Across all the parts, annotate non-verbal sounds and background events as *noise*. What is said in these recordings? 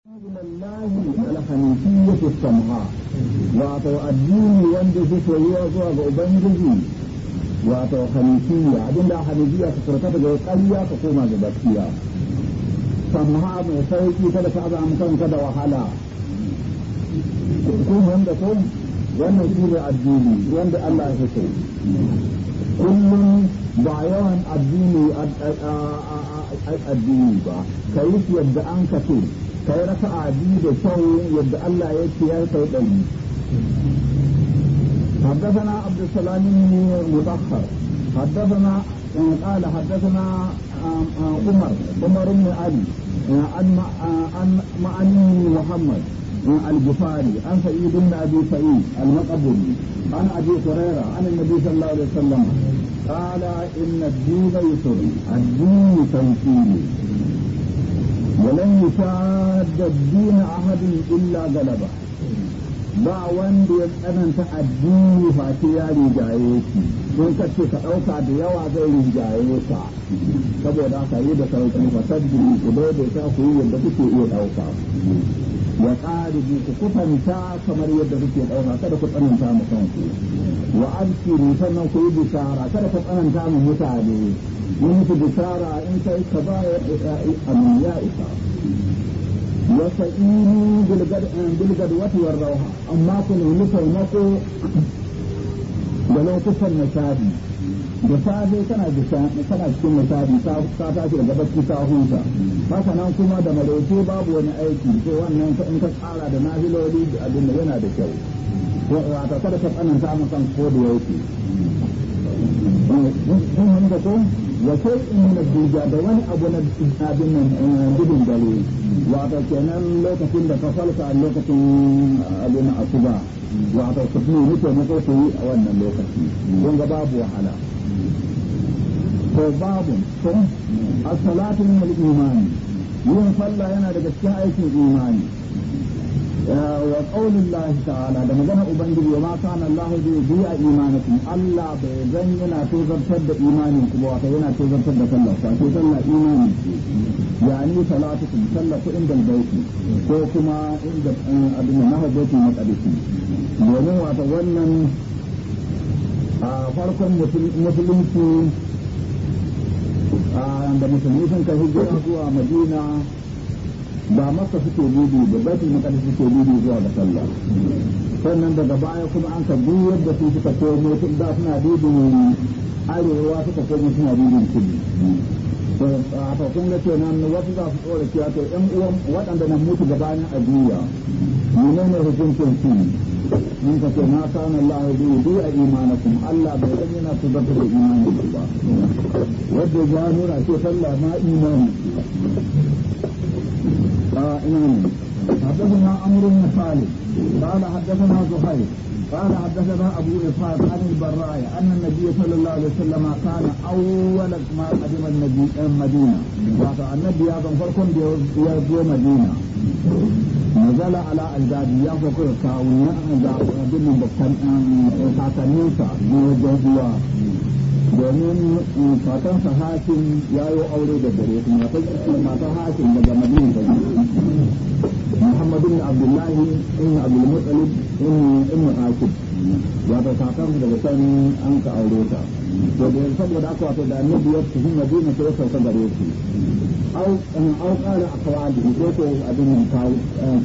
alhanifiyatu samha. wato addini wanda ke soyuwa zuwa ga ubangiji wato hanifiya abinda hanifiya ka furta daga ƙarya ta koma ga gaskiya Samha mai sauki kada ka azam kanka da wahala kun wanda ko wannan shi ne addini wanda Allah ya so kullum ba yawan addini addini ba kai yadda an ka so ka yi raka'a biyu da kyau yadda Allah ya ce ya kai ɗari حدثنا عبد السلام المطهر حدثنا قال حدثنا عمر عمر بن علي عن معني محمد البخاري عن سعيد بن ابي سعيد المقبري عن ابي هريره عن النبي صلى الله عليه وسلم قال ان الدين يسر الدين تنسيني ولن يشاد الدين أحد إلا غلبه ba wanda ya tsananta addini face ya rigaye shi don kace ka ɗauka da yawa zai rigaye ka saboda haka yi da sauki fa sabbi ku ta ku yi yadda kuke iya ɗauka wa qaribu ku kufanta kamar yadda kuke ɗauka kada ku tsananta mu kanku wa ni sannan ku yi bishara kada ku tsananta mu mutane in ku bishara in kai ka amin ya isa وسئينوا بالقدوة والروحة أما كنوا نتعمكوا ولو كسر نشادي da safe tana tana cikin misali ta tashi daga bacci ta huta haka nan kuma da malaice babu wani aiki sai wannan in ka tsara da nafiloli da abin da yana da kyau wata kada ka tsananta mun san ko da yake in da ko wa sai in na duja da wani abu na abin nan eh, gudun dare wato kenan lokacin da ka a lokacin eh, abin asuba wato su fi muke muke su yi a wannan lokaci don ga babu wahala Ko babu to as-salatu min yin sallah yana daga cikin aikin imani wa qawli llahi ta'ala da magana ubangiji ma kana llahu bi du'a imanikum alla bi zanyina yana zartar da imanin ku wa kai yana to zartar da sallah ko to sallah imani ya ni salatu kum sallah ku inda baiti ko kuma inda abin nan haɗe ku na kadi domin wa wannan farkon mutumin ku a da mutumin hijira zuwa madina ba masa suke gudu da baiti maqdis suke gudu zuwa ga sallah sannan daga baya kuma an ka duk yadda su suka komo tun da suna dubin arewa suka komo suna dubin kudu a farkon da ke nan wasu za su tsora cewa to ƴan uwan waɗanda na mutu gabanin ajiya menene hukuncin su mun ka ce na kana Allah ya bi a imanakum Allah bai san yana tabbata da imanin ba wanda ya nuna ce sallah ma imani حدثنا عمرو بن خالد قال حدثنا زهير قال حدثنا ابو اسحاق عن البراء ان النبي صلى الله عليه وسلم كان اول ما قدم النبي المدينه النبي هذا فرق يزور مدينه نزل على اجدادي يا فوق كاونا اجدادي من بكتن ساتنيسا من وجهه domin fatan eh, sa hakim ya yi aure da dare matan hashin daga madina ta muhammadu bin abdullahi in abdul in in hakim wato fatan daga can an ka aure ta to saboda aka wato da annabi ya tafi madina sai ya sauka gare shi au an eh, au kana akwadi ko ko abin eh, kawo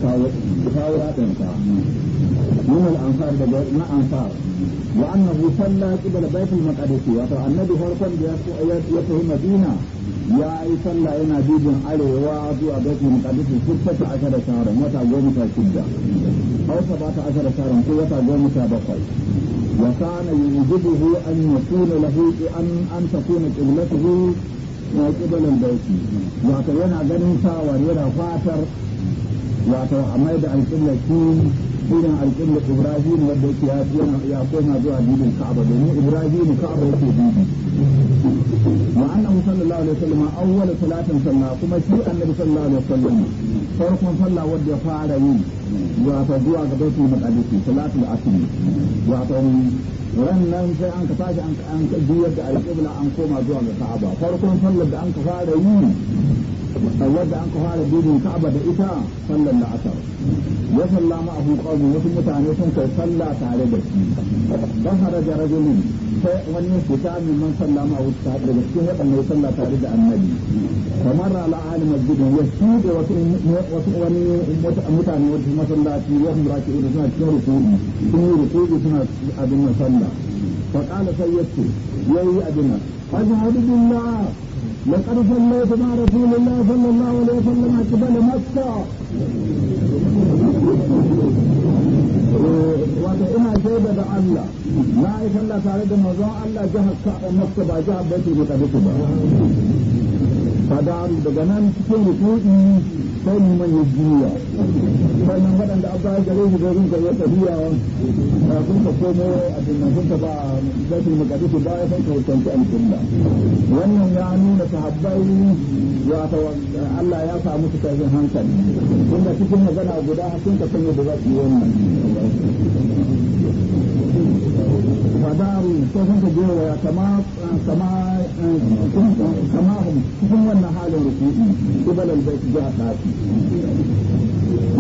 kawo kawo من الأنصار ما أنصار وأنه صلى قبل بيت المقدس وأن النبي فرقا يته مدينة يا صلى إنا بيد علي وأبو بيت المقدس ستة عشر شهرا متى قومك شدة أو سبعة عشر شهرا قوة قومك بقي وكان يوجبه أن يكون له أن أن تكون قبلته قبل البيت وأتينا غنيسة وريرة فاتر وأتوا حميد القبلة shine alƙibla ibrahim wanda yake ya yana ya koma zuwa dibin ka'aba domin ibrahim ka'aba yake dibi wa annahu sallallahu alaihi wasallam awwal salatin sallah kuma shi annabi sallallahu alaihi wasallam farkon sallah wanda ya fara yi wato zuwa ga baitul maqdis salatul asr wato wannan sai an ka tashi an ka juyar da alƙibla an koma zuwa ga ka'aba farkon sallar da an ka fara yi wadda an ka fara dubin ka'aba da ita sallar da asar ya salla ma abu wasu mutane sun kai salla tare da shi dan haraja rajulin sai wani fita min man salla ma abu ta daga tare da annabi kamar ala alim masjidin ya shuɗe wasu wasu wani mutane wasu masallaci wasu raki suna cikin rukuni sun yi suna abin nan fa qala sai yace yayi abin nan billah لقد صليت مع رسول الله صلى الله عليه وسلم قبل مكة وإنها جيدة بألا لا إله إلا تعالى الله جهة مكة بجهة بيتي بقبل fadaru daga nan cikin rukuni sai mu manya jiya sannan waɗanda abba bayar gare shi zai ka yi tafiya sun ka komo a dinnan sun ka ba zafi makadisu ba ya sanka hukunci alƙulla wannan ya nuna sahabbai ya ta Allah ya samu su tashin hankali tunda cikin magana guda sun ka sanya da zafi wannan وداروا كيف تجوا كما كما كما هم هم حال ركوعي قبل البيت جاء خاتم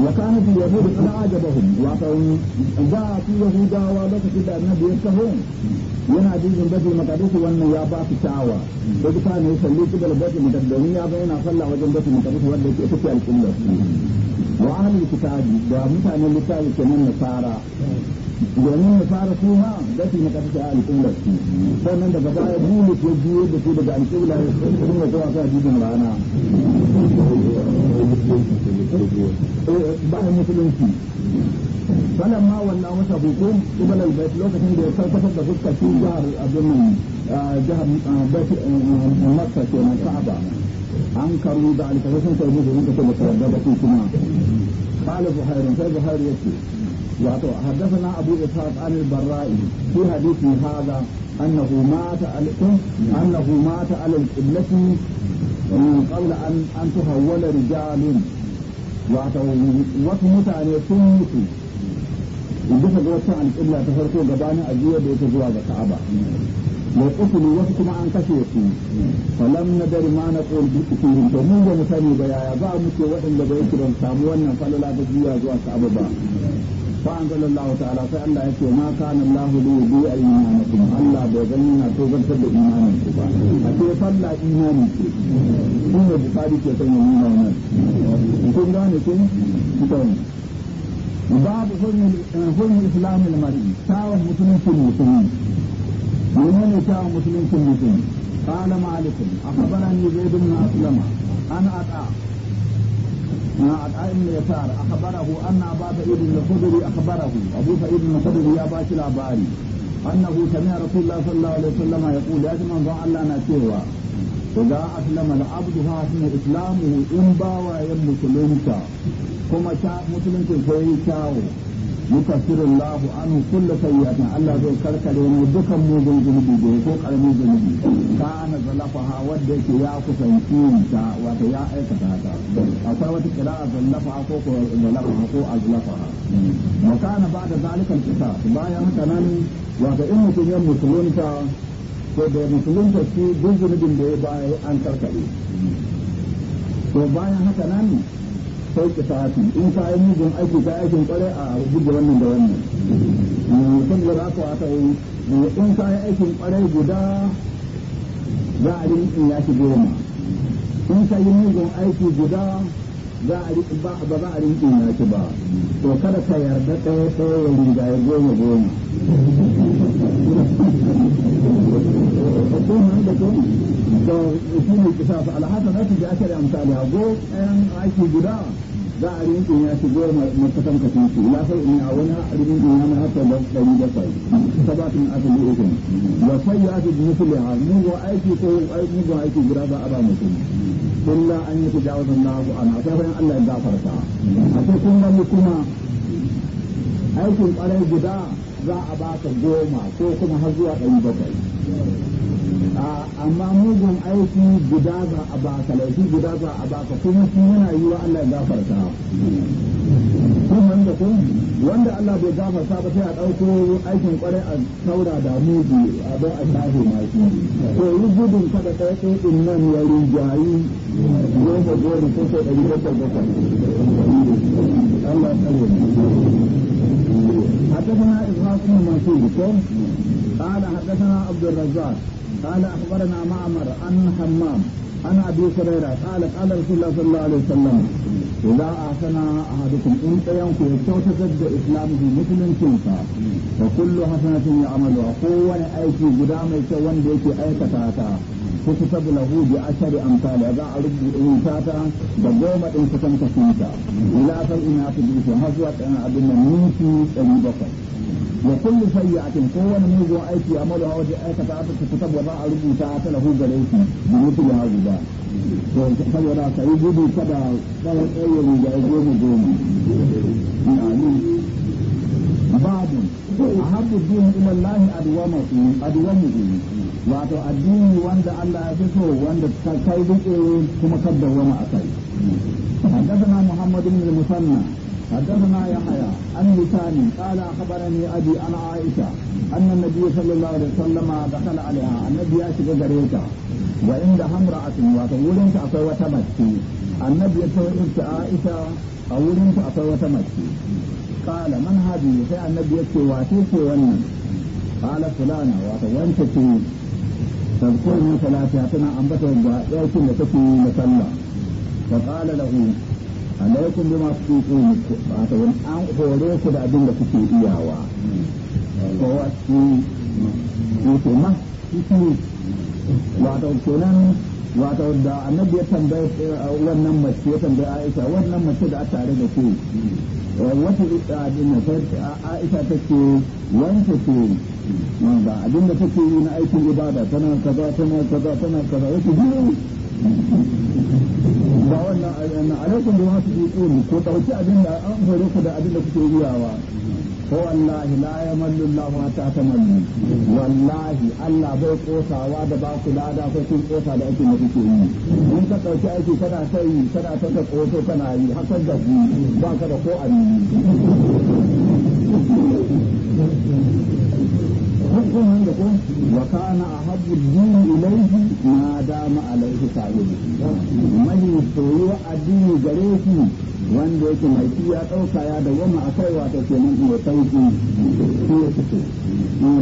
وكانت اليهود قد عجبهم وقالوا جاء في yana jijin baji makadisi wannan ya ba su sha'awa da duka ya ba yana sallah wajen baji makadisi wa ahli kitabi da mutanen littafi kenan nasara domin nasara su ma a alƙulla sannan daga baya bulu ko biyo daga alƙulla sun da zuwa sa بعد مثل انتي فلما ولاه مشابوكم قبل البيت لو كان دي اصلا فقط بقصة في جار ابن جهب بيت آه، آه، مكة كما صعبا انكروا ذلك فسن تربوه من كتب التربى بكيكما قال بحير فاي بحير يسي وعطوا حدثنا ابو اسحاق عن البرائي في حديث هذا انه مات على انه مات على ابنته من قبل ان ان تهول رجال wato wasu mutane sun mutu bisa ga wata alƙibla ta farko gabanin ajiyar da yake zuwa ga ka'aba mai kusuru wasu kuma an kashe su falam na dari ma na ƙol bisikirin to mun mu sani ba yaya ba a ce waɗanda bai don samu wannan falala ta juya zuwa ka'aba ba فأنزل الله تعالى فألا يكي ما كان الله ليضيع إيمانكم الله بيغنينا توبر سد إيمانكم أكي صلى إيمانكم إنه بخاري كي يتنى إيمانكم كن كم كتن باب حلم الإسلام المريض شاو مسلم في المسلمين ومن شاوة مسلم في المسلمين قال مالك أخبرني زيد بن أسلم أنا أتعب al'adun yasar akhbarahu anna ana ibn al-khudri akhbarahu abu sa'id ibn al-khudri ya ba shi labari annahu sami'a rasulullah sallallahu alaihi wasallam ya qul ya jama'a ban Allah na cewa idza aslama al-abdu fa sunna islamu in ba yan musulunta kuma ta musulunta sai ya يكفر الله عنه كل سيئة الله ذو كركر ومدكا موجن جنبي به فوق علمي جنبي كان زلفها ودك يا كسنكين تا وتيا ايكتاتا أصابت قراءة زلفها فوق زلفها فوق زلفها وكان بعد ذلك القصاص بايا هكذا وكأنه يوم مسلم تا ko da musulun da shi duk zunubin da ya baya an karkare to bayan haka nan sauki sa'ati in ka yi mijin aiki ka aikin kwarai a guje wannan da wannan saboda da aka yi in ka yi aikin kwarai guda za a yi ya shi goma in ka yi mijin aiki guda za a riƙe ba ba za a riƙe na ki ba to kada ka yarda ɗaya ɗaya ya riga ya goma goma ko mun da ko to shi ne kisa alhasa na ta ji aka da amsali a go ɗayan aiki guda za a rinkin ya shigo makasar kasan su ya sai ina wani rinkin ya na haka da ɗari da sai sabatin asali ukun wa sai ya ake musuli ha mugu aiki ko mugu aiki guda za a ba mutum illa an yi zan na ku ana sai bayan Allah ya gafarta a sai kun gani kuma aikin ƙwarai guda za a ba ka goma ko kuma har zuwa ɗari kai amma mugun aiki guda za a baka laifi guda za a baka kuma shi yana yi wa Allah ya gafarta kun da kun wanda Allah bai gafarta ba sai a ɗauko aikin kwarai a saura da mugu a ba a shafe masu to yi gudun kada ɗaya ɗin nan ya rijayi goma gori ko sai ɗari bakwai bakwai Allah ya tsare mu حدثنا إسحاق بن منصور قال حدثنا عبد الرزاق قال اخبرنا معمر عن حمام عن ابي هريره قال قال رسول الله صلى الله عليه وسلم اذا احسن احدكم ان ينكو يتوسط اسلامه مثل تنكا فكل حسنه يعملها قوه في قدام يكون بيتي كتاتا فتسب له بعشر أمثال إذا أرد إنساتا بقومة إن سكنت فيك إلى سبعين في هزوة أنا أبنى منك أبي بكر wa kullu sayyi'atin ko wani aiki amalu hawa da aikata ta kitab wa za a rubuta ta lahu gare shi bi mutu ya guda to saboda ka yi gudu kada tsawon tsayin da ya goma goma ina ni babu ahabbu dinin ila Allah adwamu adwamu wato addini wanda Allah ya fi so wanda kai rike kuma kadda wani a kai حدثنا محمد بن المثنى حدثنا يحيى عن لسان قال اخبرني ابي عن عائشه ان النبي صلى الله عليه وسلم دخل عليها النبي اشك غريتا وعندها امراه وتقول انت اقوى تمشي النبي يقول انت عائشه او انت اقوى تمشي قال من هذه؟ النبي يقول واتيك ونن قال فلانه وتقول انت تذكر من صلاتها تنا أنبته يأكل تكون مسلى فقال له عليكم بما تطيقون فأتون أن أوريك بأدن لكي إياوا فهو أتكي يتمه wato كنان wato da annabi ya tambaye eh, wannan mace ya tambaye Aisha wannan mace da a tare da ku eh, wata eh, abin da Aisha take wanda ke wanda abin da take yi na aikin ibada tana kaza tana kaza tana kaza yake biyu ba wannan alaikum bi wasu ko dauki abin da an hore ku da abin da kuke yiwa wallahi la yamallu Allah ta tamallu wallahi Allah bai kosawa da ba ku lada ko kun kosa da ake da kuke yi in ka aiki kana ta yi kana ta ta koso kana yi hakan da ku ba da ko abin hakkun a ko wa kana ahabbu dini ilayhi ma dama alaihi sahibi mai soyuwa addini gare shi wanda yake mai shi ya da ya a kai wato kenan mai sauki shi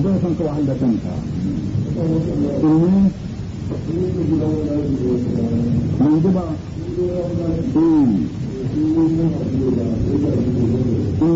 kanka mun ji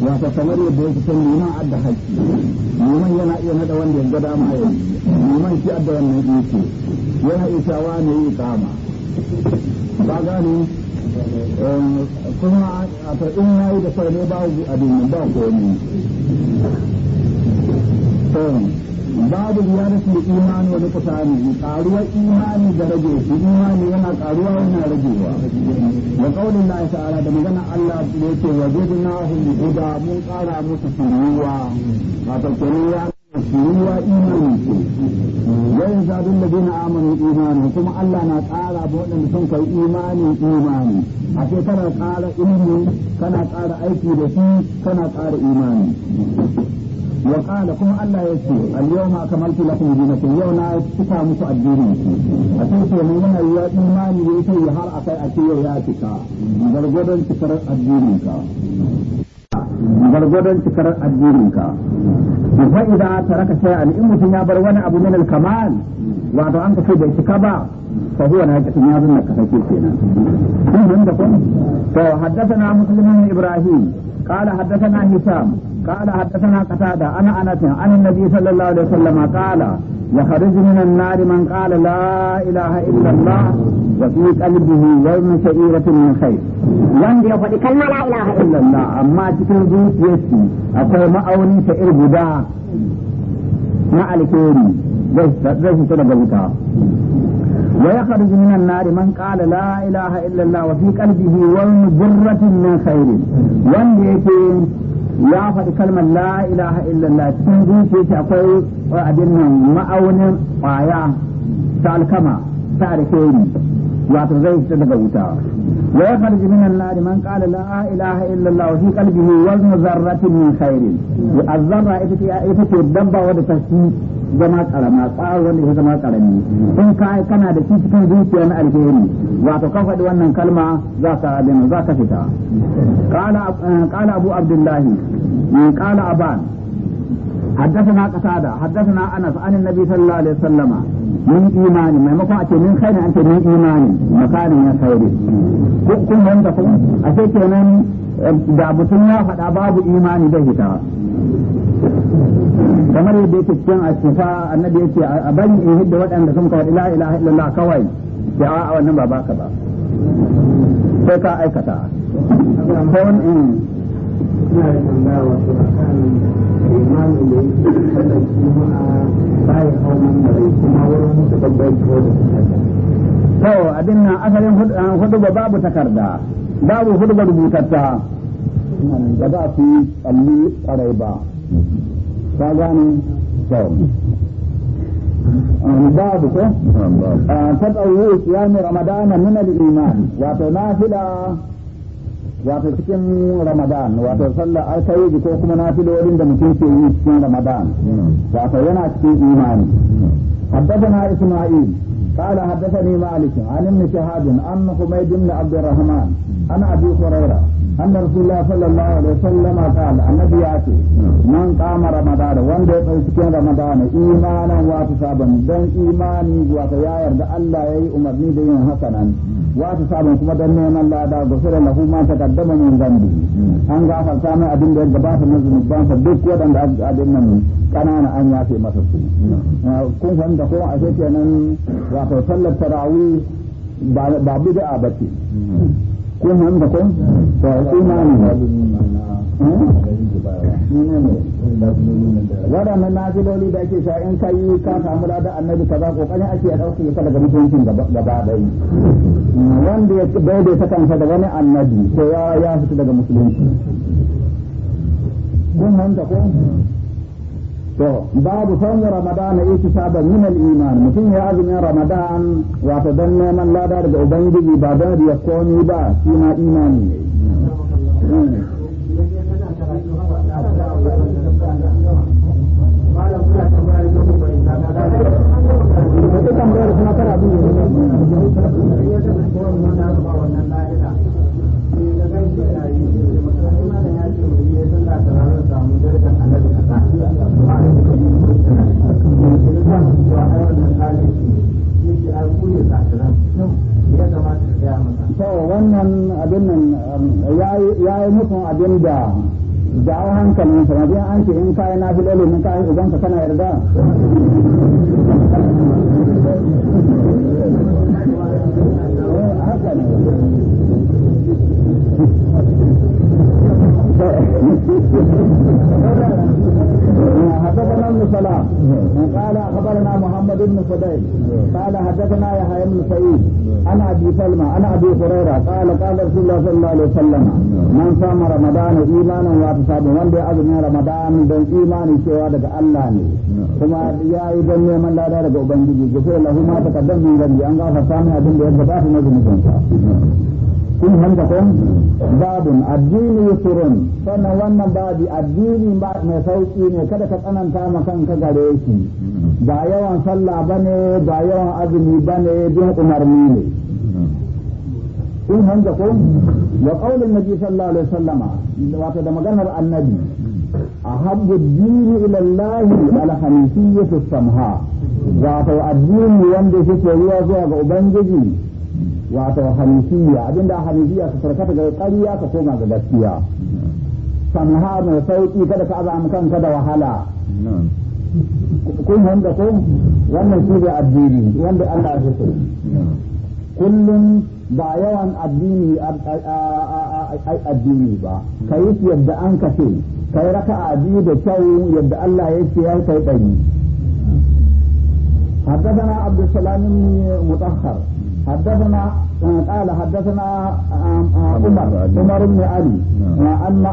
wato kamar yadda yake san liman adda haƙƙi liman yana iya nada wanda ya gada ma yau liman shi adda wannan iko yana isa wa ne yi kama ba gani eh, kuma a faɗin na yi da farne ba abin ba komi babu rasu da imani wani kasani karuwar imani da rage shi imani yana karuwa yana ragewa wa qaulin la ta'ala da magana Allah da yake wajidna hum bi huda mun kara musu shiruwa wato kenan ya shiruwa imani ce yayin zabin da gina amanu imani kuma Allah na kara ba waɗanda sun kai imani imani a ce kana kara ilimi kana kara aiki da shi kana kara imani ya kala kuma Allah ya ce al-yawma akmaltu lakum dinakum yau na cika muku addini a sai ce mun yana yi imani ne sai har akai a ce ya cika gargadan cikar addinin ka cikar addinin ka fa idza taraka shay'an in ya bar wani abu min al-kamal wato an ka sai bai cika ba fa huwa na cikin ya zanna ka sai kenan kun da kun to haddathana muslimun ibrahim قال حدثنا هشام قال حدثنا قتادة أنا أنس عن النبي صلى الله عليه وسلم قال يخرج من النار من قال لا إله إلا الله وفي قلبه يوم شعيرة من خير wanda ya faɗi kalma la ilaha illallah amma cikin zuciyarsu ما ma'auni ta guda ما alkhairi zai fito daga wuta ويخرج من النار من قال لا إله إلا الله وفي قلبه وهم من خير وان يكون ya faɗi kalmar la ilaha illallah cikin zuciya ce akwai abin ma'aunin ƙwaya ta alkama ta alheri wato zai fita daga wuta wa ya farji min annar man qala la illallah wa fi qalbihi min ita ce dabba zama karama tsawon wanda ya zama karami in ka kana da shi cikin zuciya na alheri wato ka faɗi wannan kalma za ka abin za ka fita qala eh, abu abdullahi kala aban حدثنا قتادة حدثنا أنس عن النبي صلى الله عليه وسلم من إيمان ما مقاعد من خير أنت من إيمان مكان من خير كل من أشيك من da mutum ya faɗa babu imani da fita. kamar yadda yake cikin a ashifa annabi ya ce a bari in hidda waɗanda sun kawai ila ila ilaha illallah kawai sai a wannan ba baka ba sai ka aikata sai wani mm. in to abin nan asalin hudu ah, babu takarda babu hudu rubutatta ba za su yi tsalli ƙwarai ba ka gane babu ko tadawu siyamu ramadana min iman wato nafila wato cikin ramadan wato sallar alkayi ko kuma nafilolin da mutum ke yi cikin ramadan wato yana cikin imani حدثنا إسماعيل قال حدثني مالك عن ابن شهاب عن حميد بن عبد الرحمن عن أبي هريرة أن رسول الله صلى الله عليه وسلم قال النبي ياتي من قام رمضان وان ده تسكين رمضان إيمانا واتصابا دن إيماني وتياير ده الله يأي أمرني ده حسنا واتصابا كما دن نعم الله دا غفر الله ما تقدم من ذنبه أن غافر سامع أدن دي جباس نزل مبان فدك ودن أدن من كانان أن ياتي مسلسل كن فان قوم أشيكي أن وتصلت تراوي ba bid'a bace kun nan da kun da su na ne eh? waɗannan nafiloli da ake sha in kayi ka samu ladan annabi kaza kokarin ake a ɗauke ka daga mutuncin gaba ɗaya wanda ya daidaita kansa da wani annabi to ya fita daga musulunci kun nan da kun to babu sanya ramadan na iki saban min al-iman mutum ya azumin ramadan wato dan neman lada daga ubangiji ba dan riya komi ba shi ma imani ne tambayar kuma kana kawai wannan abin nan um, ya yi mutum abin da jawo hankalin sa mabiyan an ce in kayi na fi dole mun kayi ubanka kana yarda *laughs* حدثنا ابن سلام قال اخبرنا محمد بن فضيل قال حدثنا يحيى بن سعيد انا ابي سلمى انا ابي هريره قال قال رسول الله صلى الله عليه وسلم من صام رمضان ايمانا واحتسابا من بي اذن رمضان دون ايماني سوى daga الله ني كما يا yi don neman lada daga ubangiji gafir lahu ma taqaddama min rabbi an gafarta mai abin da ya gabata na zunubinsa kun hanga ko babun addini yusurun sannan wannan babi addini mai sauki ne kada ka tsananta ma kanka gare shi ba yawan sallah bane ba yawan azumi bane bin umarni ne kun hanga ko wa qaulin nabi sallallahu alaihi wasallama wato da maganar annabi ahabbu dini ila Allah al-hanifiyyu samha wato addini wanda yake ruwa zuwa ga ubangiji wato hanifiya abinda hanifiya ka ta ga ƙarya ka koma ga gaskiya sanha mai sauƙi kada ka azama kanka da wahala kun hanga ko wannan shi ne addini wanda Allah ya so kullum ba yawan addini addini ba ka yi yadda an kace Kai raka a raka biyu da kyau yadda Allah ya ce ya kai ɗari حدثنا عبد السلام المطهر حدثنا قال حدثنا عمر عمر بن علي عن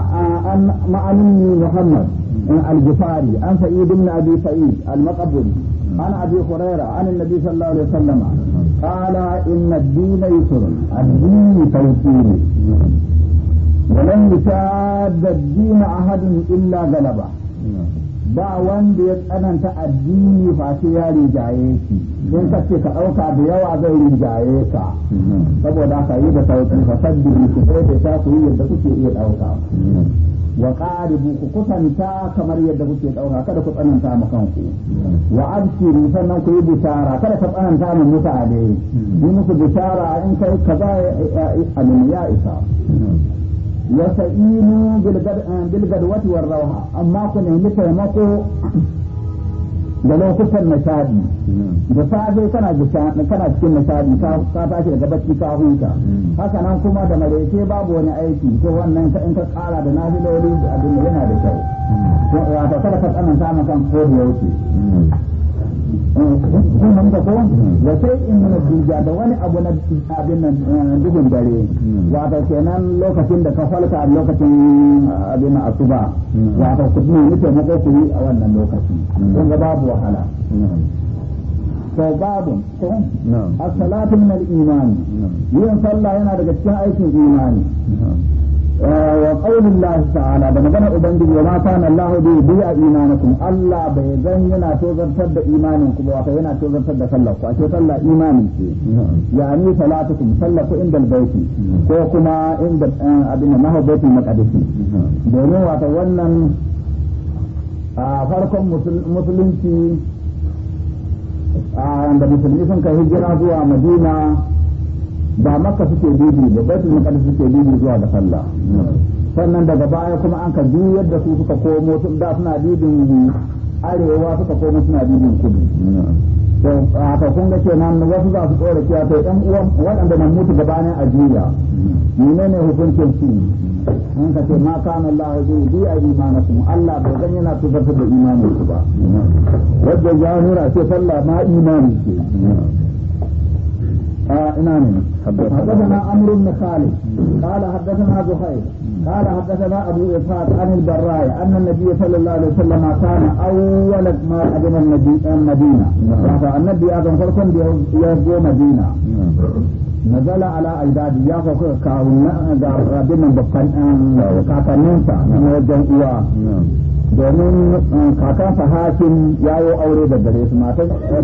عن معلم محمد نعم. آه، الجفاري عن سعيد بن ابي سعيد المقبري نعم. عن ابي هريره عن النبي صلى الله عليه وسلم قال ان الدين يسر الدين توكيل نعم. ولن يشاد الدين احد الا غلبه ba wanda ya tsananta addini ba sai ya rijaye shi in ka ce ka ɗauka da yawa zai rijaye ka saboda ka yi da sauki ka sabbi ku sai da ta ku yi yadda kuke iya ɗauka wa qaribu ku kusanta kamar yadda kuke ɗauka kada ku tsananta ma kanku wa abshiru sannan ku yi bishara kada ka tsananta ma mutane yi musu bishara in kai kaza eh, eh, a ya isa وسئينوا بالقدوة والروحة أما كنا نتمكوا da kusan nishadi da safe kana cikin nishadi ka daga bacci ka huta kuma da maraice babu wani aiki to wannan ka kara da nafiloli abin yana da kyau wato kada ka tsananta maka ko kun manta ko da sai in mun duja da wani abu na abin nan dugun dare wato kenan lokacin da ka falka lokacin abin na asuba wato ku ne ne ko ku yi a wannan lokaci kun ga babu wahala to babu ko as-salatu min al-iman yin sallah yana daga cikin aikin imani وقول الله تعالى da magana ubangiji wa ma kana Allah bi bi a imanakum Allah bai zan yana tozartar da imanin ku ba yana tozartar da sallar ku ake sallah imanin ce yani salatukum sallatu inda albayti ko kuma inda abin da mahaubatin maqdisi domin wato wannan a farkon musulunci da musulmi sun kai hijira zuwa Madina ba makka suke dubi ba baitul maqdis suke dubi zuwa ga sallah sannan daga baya kuma an ka juyar yadda su suka komo sun da suna dibin arewa suka komo suna bibin kudu to haka kun ga kenan wasu za su tsora kiya to ɗan uwan waɗanda na mutu gaba ne a ajiya menene hukuncin su an ka ce ma kana Allah zai bi a imanakum Allah bai zan yana tubar da imanin su ba wajen ya nuna ce sallah ma imani ce ina ne حدثنا عمرو بن خالد قال حدثنا زهير قال حدثنا ابو اسحاق عن البراء ان النبي صلى الله عليه وسلم كان اول ما قدم المدينه فالنبي اعظم فرقا يزور مدينه نزل على اجداد يا فوق كاونا غابنا بكان كاكانينسا وجن اوا domin kakansa hakim ya yi aure da dare su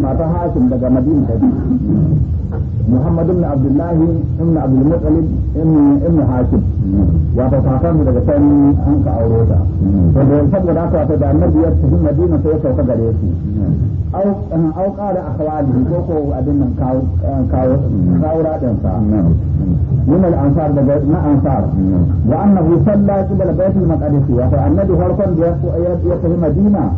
mata hakim daga madina ta محمد بن عبد الله بن عبد المطلب بن ابن هاشم wato kakan daga can an ka aure ta saboda hmm. saboda haka wato da annabi ya tafi madina sai ya sauka gare shi Eh, au ƙara a kawali ko ko abin nan kawo eh, kawo radin sa min al ansar daga na ansar wa annahu salla qibla baitul maqdis wa fa annabi harkon da ya tafi madina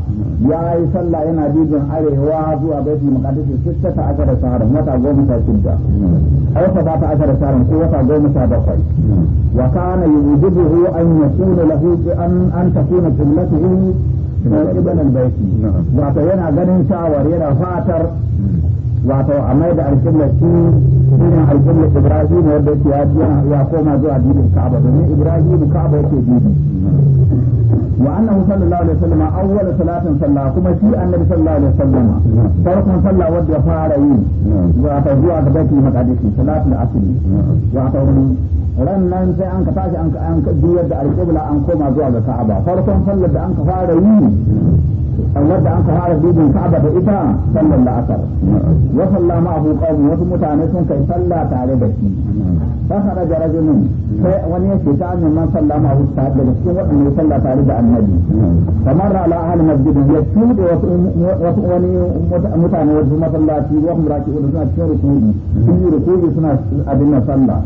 ya yi salla yana dibin arewa zuwa baitul maqdis sitta ta akara saharan wata goma sha shidda au ta ta akara saharan ko wata goma sha bakwai wa kana yujibuhu an yakuna lahu an an takuna qiblatuhu kibalin baiti wato yana ganin shawar yana fatar wato a mai da alƙibla shi irin alƙibla ibrahim wanda yake ya koma zuwa dibin ka'aba domin ibrahim ka'aba yake dibi wa annahu sallallahu alaihi wasallam awwal salatin salla kuma shi annabi sallallahu alaihi wasallam farkon sallah wanda ya fara yi wato zuwa ga baitul maqdis salatul asr wato ran nan sai an ka tashi an ka biyar da alƙibla an koma zuwa ga ka'aba farkon sallar da an ka fara yi wadda an fara dubin Ka'aba da ita sallar la'asar wa salla ma'ahu qawmi wasu mutane sun kai sallah tare da shi fa kharaja rajulun sai wani yake ta annan man salla ma'ahu ta daga cikin waɗanda sallah tare da annabi kamar ala ahli masjid ya tude wasu wasu wani mutane wasu masallaci wa hum raki'un suna cikin rukuni sun yi rukuni suna adina sallah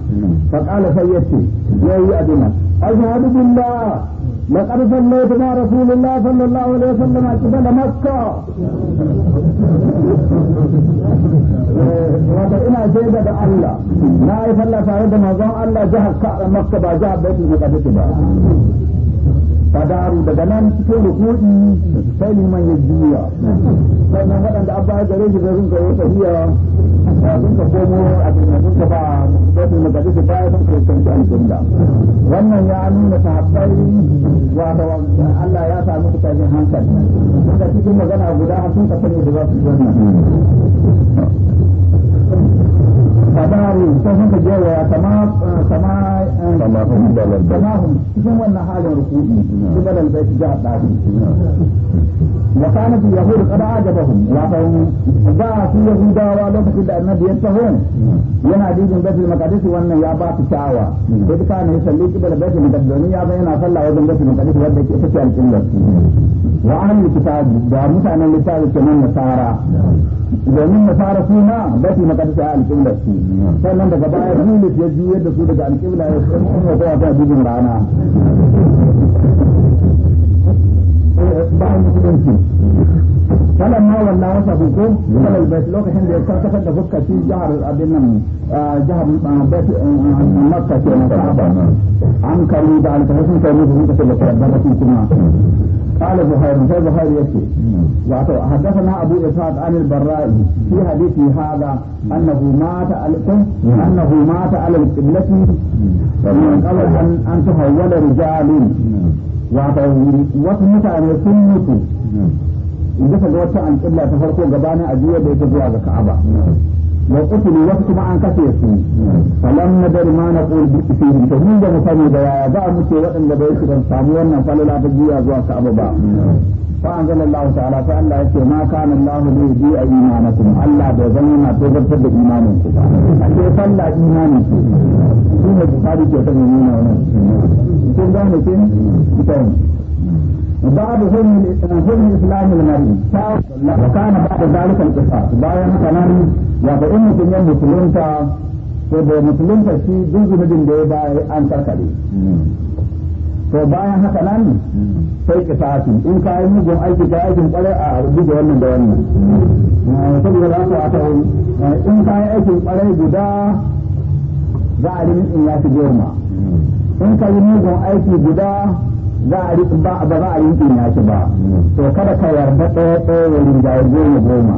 fa qala sai yace yayi adina ashhadu billah لقد صليت مع رسول الله صلى الله عليه وسلم قبل مكة wata ina shaida da Allah na yi sallah tare da manzon Allah jihar Makka ba jihar Baitul ba fadaru daga nan cikin rukuni sai liman ya juya sannan waɗanda abba ya gare shi da sun kawo tafiya ba sun ka komo a cikin sun ka ba wasu magadi su baya sun kawo kanci da. wannan ya nuna sahabbai wato Allah ya sa musu hankali daga cikin magana guda sun ka sani da za su yi fadaru sai suka gewaya kama kama eh, kama eh, cikin wannan halin rukuni su balal bai su jihar وكانت اليهود قد أعجبهم وأعطهم جاء في يهودا ولو تكد النبي ينتهون ينا ديد بيت المقدس وأن يا بات شاوى إذ كان يصلي قبل بيت المقدس يا بين صلى وزن بيت المقدس ودك إتشال الكلة وأهل الكتاب دارمت أن الكتاب كمان نصارى domin nasara su ma ba su maka ta alƙiblar su sannan daga baya Yunus ya juyar da su daga alƙibla ya kuma kowa ta rana bayan musulunci kalan ma walla wasa ko kalal bai lokacin da ya karkatar da fuska ci jihar abin nan jihar makka ke na sahaba an karu da alkahashin kai musu sun kashe da karabbatin kuma قال بخير سيد بخير يكفي حدثنا ابو اسحاق عن البراء في حديثه هذا انه مات انه مات على القبله ومن قبل ان تهول رجال wato wasu mutane sun mutu bisa hmm. ga wata an kibla ta farko gabanin ajiyar da yake zuwa ga Ka'aba hmm. wa qutilu wasu kuma an kace su hmm. falam nadar ma na qul bi fihim to mun da mutane da da za mu ce waɗanda bai su samu wannan falala ta zuwa Ka'aba ba فأنزل الله تعالى فأن فألا يكي ما كان الله ليضيع إيمانكم ألا بيظن ما تغفر بإيمانكم أكي صلى إيمانكم فيما تفعل كي تغنينا ونسكين ذلك كتاب باب حلم حلم الاسلام المريض وكان بعد ذلك القصاص بايعنا كمان يا بإن كنا مسلمتا وبمسلمتا شيء جزء من ده أن كريم to bayan haka nan sai kisasi in ka yi mugun aiki ka aikin kwarai a da wannan da wannan eh, saboda za ka wata eh, in ka yi aikin kwarai guda za a rin in ya fi girma in ka yi mugun aiki guda za a rin ba ba za a rin in ya fi ba to kada ka yarda ɗaya ɗaya wurin da goma goma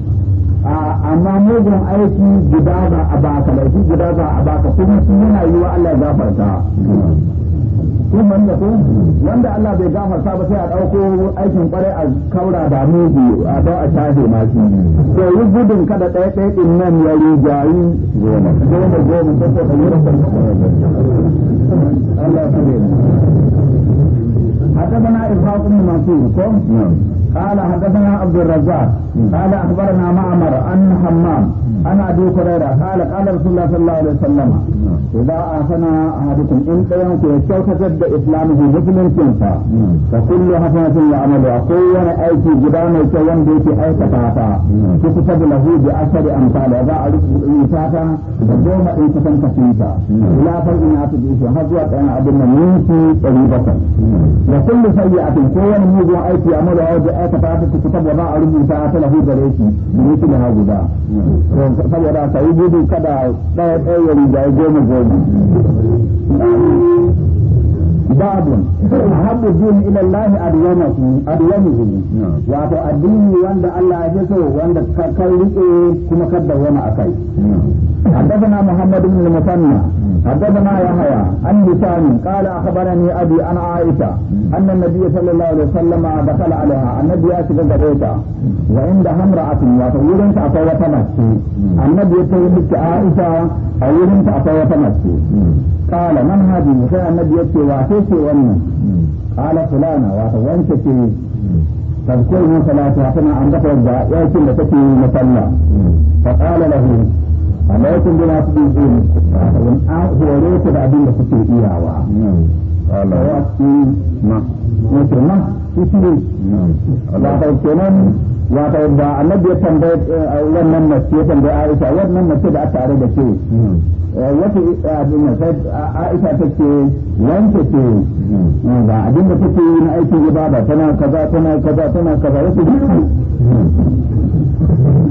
amma mugun aiki guda za a baka laifi guda za a baka kuma shi yana wa Allah ya gafarta kuma da ko wanda Allah bai gafarta ba sai a dauko aikin kware a kaura da mugu a ba a shafe ma shi to yi gudun kada ɗaya ɗaya din nan ya jayi goma goma goma ko ko yi rasa Allah ya حدثنا إسحاق بن منصور قال حدثنا عبد الرزاق قال اخبرنا معمر ان حمام انا ابي هريره قال قال رسول الله صلى الله عليه وسلم اذا احسن احدكم ان قيامك يستوكت اسلامه مسلم كنفا فكل حسنه يعمل اقوى ايتي جدام كيان بيتي اي كتاتا تكتب له بعشر امثال اذا اردت ايتاتا دوما ايتاتا كثيرا لا فرق ما تجيش هذا انا ادنى منك طريقه وكل سيئه كيان يجي ايتي عمل ايتي كتاب وما اردت lahu gare shi miki na guda saboda ka gudu kada ɗaya ɗaya ya riga goma goma babun haɗu duhun ilal lahi a duwamu zuwa wato a wanda Allah a jesu wanda kakar rike kuma kadda wani a kai haddasa na muhammadu ne musamman haddasa na ya haya an yi samun kada a habara ne abu an aisha an nan na biya sallallahu alaihi sallama da kala alaha an na biya shiga da reka wa inda hamra a kuma wata wurin ta akwai wata masu an na biya ta yi miki aisha a wurin ta akwai wata masu قال من هذه sai annabi yace wato ce wannan qala fulana wato wanke ce tazkuru min salati tana an dafa da yakin da take yi musalla fa qala lahu alaikum bima tudun in an hore ku da abin da kuke iyawa قال وأتي ما يقول ما يسير واتو wannan mace ya tambayi Aisha wannan mace da aka tare da ke wata abin da Aisha take wanke ke ba abin da take yi na aikin ibada tana kaza tana kaza tana kaza yake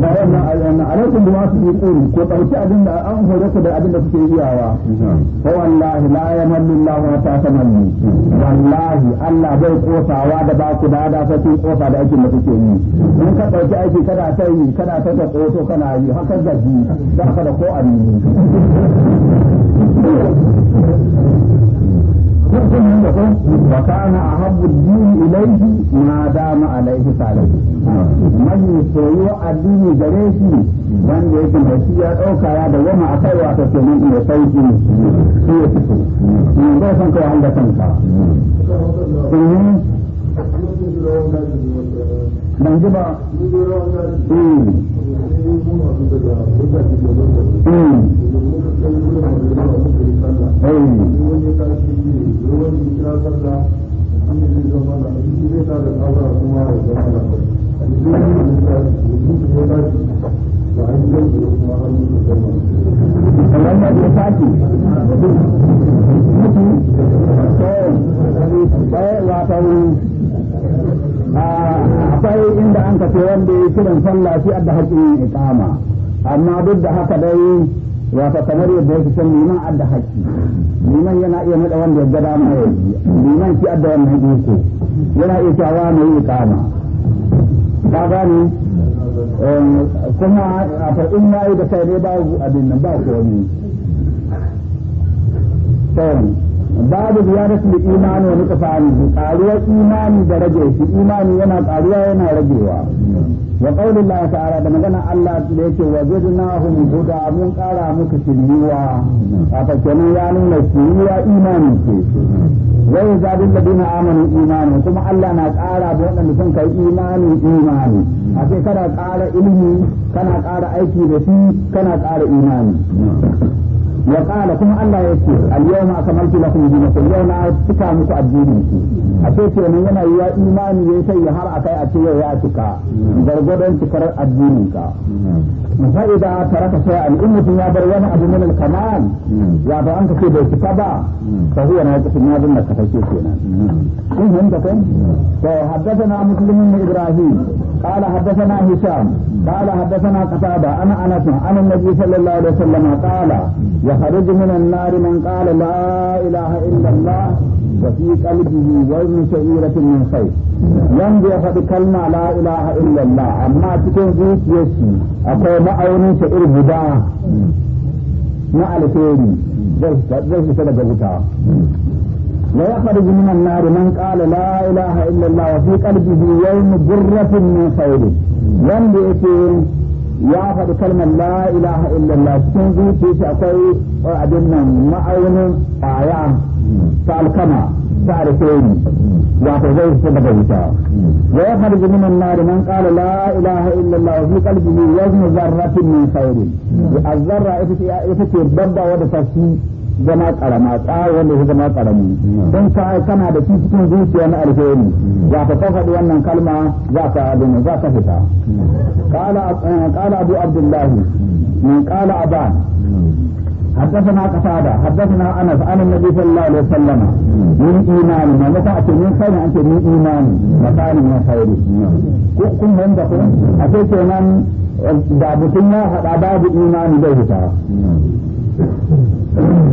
da wannan alaikum bi wasu ko abin da an hore da abin da kuke iyawa ko wallahi la yamallu Allah wa ta tamallu wallahi Allah bai kosawa da ba ku da da sai kosa da aikin da kuke yi in ka dauki aiki kada ta yi kada ta ta koso kana yi haka da ji za ka da ko amini وكان أحب الدين إليه ما دام عليه صالح من يسوي الدين جريسي من يكون هشيا أو كياد وما أتوا تسمين يسوي هي تسوي من ذا سنك وعند سنك ban ji ba wannan ya tashi akwai inda an kace wanda ya kiran sallah shi adda haƙƙin yin iqama amma duk da haka dai fa kamar yadda yake san liman adda haƙƙi liman yana iya nada wanda ya gada ma ya liman shi adda wannan ko yana iya cewa mai yi iqama ka ni ehm, kuma a farkon yayi da kai ne ba abin nan ba komai babu rasu da imani wani kafani ƙaruwar imani da rage shi imani yana ƙaruwa yana ragewa wa qaulin la ta'ala da magana Allah da yake wa zidnahum huda mun ƙara muku shiriwa a fakkenan ya nuna shiriwa imani ce wa da ladina amanu imani kuma Allah na ƙara da waɗanda sun kai imani imani a sai kana ƙara ilimi kana ƙara aiki da shi kana ƙara imani wa qala kuma Allah yake al yawma akmaltu lakum dinakum yawma tuka muku addininku a ce kenan yana yiwa imani ya sai ya har a ce yau ya cika gargadon cikar addinin ka misali da taraka sai mutum ya bar wani abu min al-kamal ya ba an kace bai cika ba fa huwa na cikin nabin da ka take kenan in hin da kan to haddathana muslim bin ibrahim قال حدثنا هشام قال حدثنا قتادة أنا أنس عن النبي صلى الله عليه وسلم قال يخرج من النار من قال لا إله إلا الله وفي قلبه وزن شعيرة من خير ينبي فد كلمة لا إله إلا الله أما تكون زيت يشي أقول ما أوني شعير بدا ما على تيري زي سبب بوتا ويخرج من النار من قال لا إله إلا الله وفي قلبه يوم ذرة من خير ينبي ya faɗi kalmar la ilaha illallah cikin zuciyarsa akwai abin nan ma'aunin ƙwaya ta alkama ta alkhairi wato zai fita daga wuta wa ya kharju min an-nar man qala la ilaha illa allah fi qalbihi wazn dharratin min khairin az-zarra ita ce babba wadda ta fi zama karama tsawon wanda ya zama karami don ka kana da shi cikin zuciya na alheri za ka faɗi wannan kalma za ka abin za ka fita qala qala abu abdullahi min qala aban حدثنا قتادة حدثنا أنس عن النبي صلى الله عليه وسلم من إيمان ما نفعت من خير أنت من إيمان مكان من خير كم من دخل أتيت من دابتنا أباب إيمان بيتا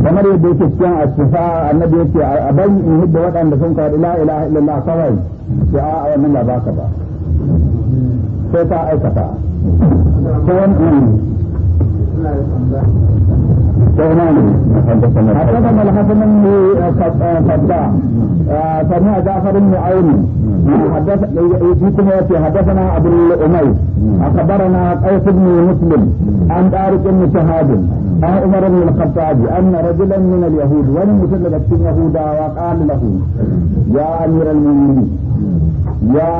kamar yadda yake cikin asifa annabi yake a bari in hidda waɗanda sun kawo la ila illallah kawai sai a wannan ba baka ba sai ta aikata ko wani سليمان حدثنا الحسن بن صداع سمع جعفر بن عون حدث يجيكم ياتي حدثنا ابو الامير اخبرنا قيس بن مسلم عن طارق بن شهاب عن عمر بن الخطاب ان رجلا من اليهود ولم يسلم يهودا وقال له يا امير المؤمنين يا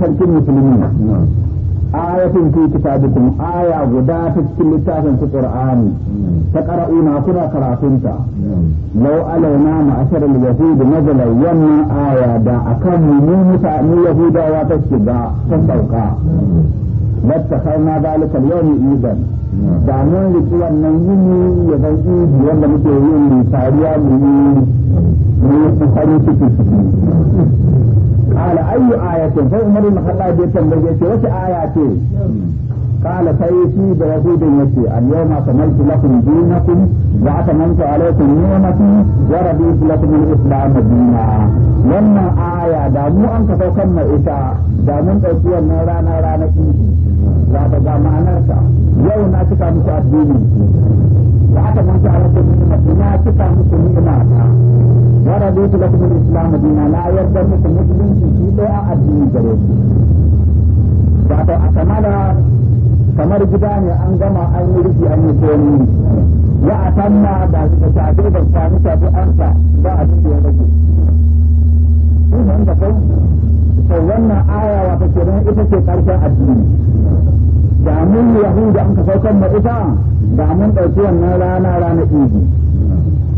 سلك المسلمين ayatin fi kitabikum aya guda ta cikin littafin ku qur'ani hmm. ta qara'una kuna karatunta hmm. law alaina ma ashar al yahud wannan aya da akan mu mutane yahudawa ta shiga ta sauka لاتخذنا ذلك اليوم idan hmm. da mun nan wannan yini ya zan idi wanda muke yin tariya mu yi mu yi ciki قال أي آية فعمر بن الخطاب يتنبه وش آياتي قال سيسي بوجود يسي اليوم أكملت لكم دينكم وأتممت عليكم نعمتي ورضيت لكم الإسلام دينا لما آية دامو أنت أن تتوكم إتا دامون أوكي النورا نورا نكي لا تجمع نرسا يوم أتكا مكو da aka nan sai Allah ya ce na cika muku ni'ima ta wa raditu lakum al-islam dina Na yarda muku musulunci shi dai a addini gare ku wato a kamala kamar gida ne an gama an yi rufi an yi komi ya a tamma ba su ta shafe ba su sami shafe an sa ba a cikin ya rage shi ne da kai Sau wannan aya wata kenan ita ce karshen addini da mun yahuda an ka saukar ma ita da mun ɗauki wannan rana rana idi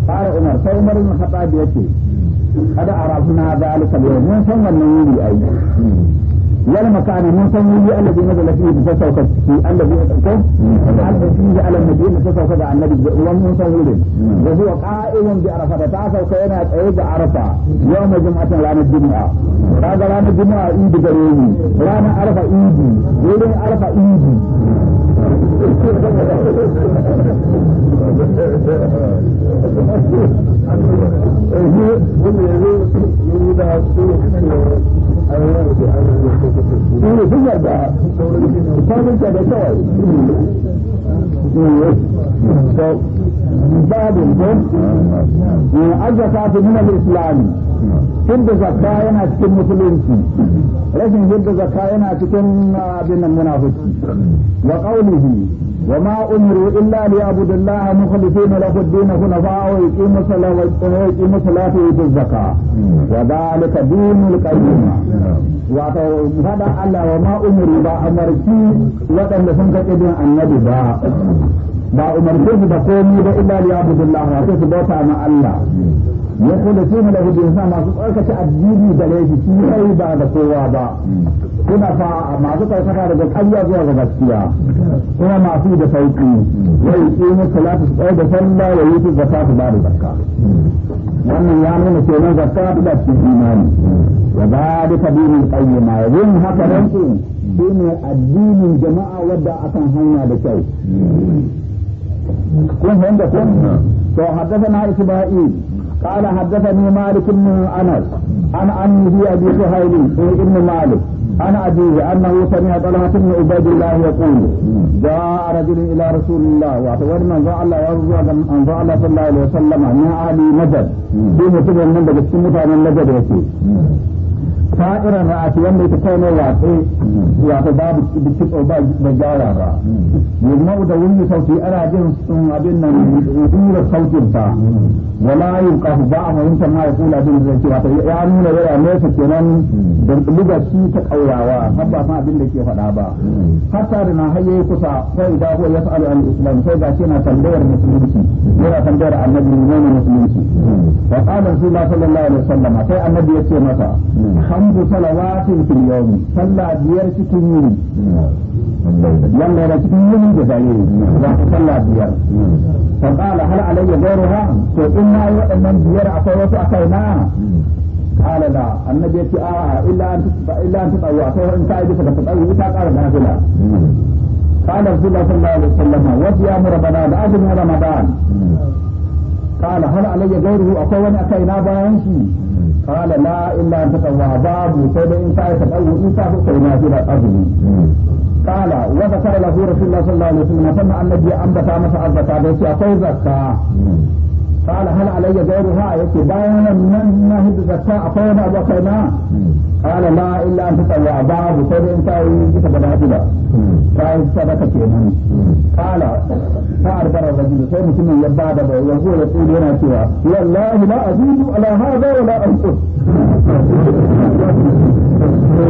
fara umar sai umar bin khattab yace kada arafuna zalika yau mun san wannan yuri ai ولا مكان من سمي الذي نزل فيه بسوسة وكذب في الذي نزل فيه بسوسة وكذب الذي نزل فيه على النبي بسوسة وكذب عن النبي ومن سمي وهو قائم بعرفة تعسى وكينا يتعيد عرفة يوم جمعة لعنى الجمعة هذا لعنى الجمعة ايد جريني لعنى عرفة ايدي ولعنى عرفة ايدي هو هو يقول يقول يقول يقول يقول ne da kwanunta da kawai babu ko azzaka fi yadda zakka yana cikin musulunci rashin yadda zakka yana cikin abin nan munafiki wa qawlihi وما أمروا إلا ليعبدوا الله مخلصين له الدين حنفاء ويقيموا الصلاة ويقيموا الصلاة ويؤتوا الزكاة وذلك دين القيم wato faɗa Allah wa ma umuri ba amarci waɗanda sun ka ƙidin annabi ba ba umarce su da komi ba illa liya budullah wato su bauta Allah ya da su mu lahu yasa masu tsarkace addini da laifi shi sai ba da kowa ba kuna fa masu tsarkaka daga ƙarya zuwa ga gaskiya kuma masu da sauki ya yi ne salatu su tsaye da sallah ya yi su zakka su ba da zakka wannan ya nuna nan zakka ta da cikin imani wa zalika dinul qayyima yin haka nan shi ne addinin jama'a wadda akan hanya da kyau kun fahimta kun mm. to na isma'il قال حدثني مالك بن انس عن عمه ابي سهيل بن مالك عن ابيه انه سمع طلحه بن عبيد الله يقول جاء رجل الى رسول الله واتوري من ذا الله يرضى من ذا الله صلى الله عليه وسلم من اهل نجد في مثل من نجد في مثل من نجد sa'irar ra'ati wanda yake kai wace watsi wato babu kitso ba da gyara ba yamma da wani sauti ana jin sun abin nan rubuwar sautin sa wala kafu ba a mahimta ma ya kula bin zai wato ya nuna yana nesa kenan da buga shi ta kaurawa har ba ma abin da ke faɗa ba hatta da na haye kusa sai da ko ya fa'alu al islam sai ga na tambayar musulunci yana tambayar annabi ne musulunci wa qala rasulullahi sallallahu alaihi wasallam sai annabi ya ce masa خمس صلوات في اليوم صلى بير cikin yini wanda da cikin yini da dare za ka salla biyar fa qala hal alayya ghayruha to in ma waɗannan biyar akwai wasu akai na qala la annabi yace a illa an illa an tsawo akwai in ta yi ka tsawo ta ƙara nafila qala rasulullah sallallahu alaihi wasallam wa ya murabana da ajin ramadan قال هل علي غيره أكو وني أكي نابا ينشي قال لا إلا أن تتوى باب سيد إن سعيت الأول إن سعيت سينا إلى الأجل قال وذكر له رسول الله صلى الله عليه وسلم ثم أن الذي أنبتا مسا أزكا بيسي أكو زكا قال هل علي غيرها يكي بايانا من نهد زكا أكو وني أبو كينا قال لا إلا أن تطلع بعض سبع تاوي كتب العدلة قال صدقة كيمان قال فأربر الرجل سيد مسلم يبعد ويقول يقول هنا سوى والله لا أزيد على هذا ولا أنقص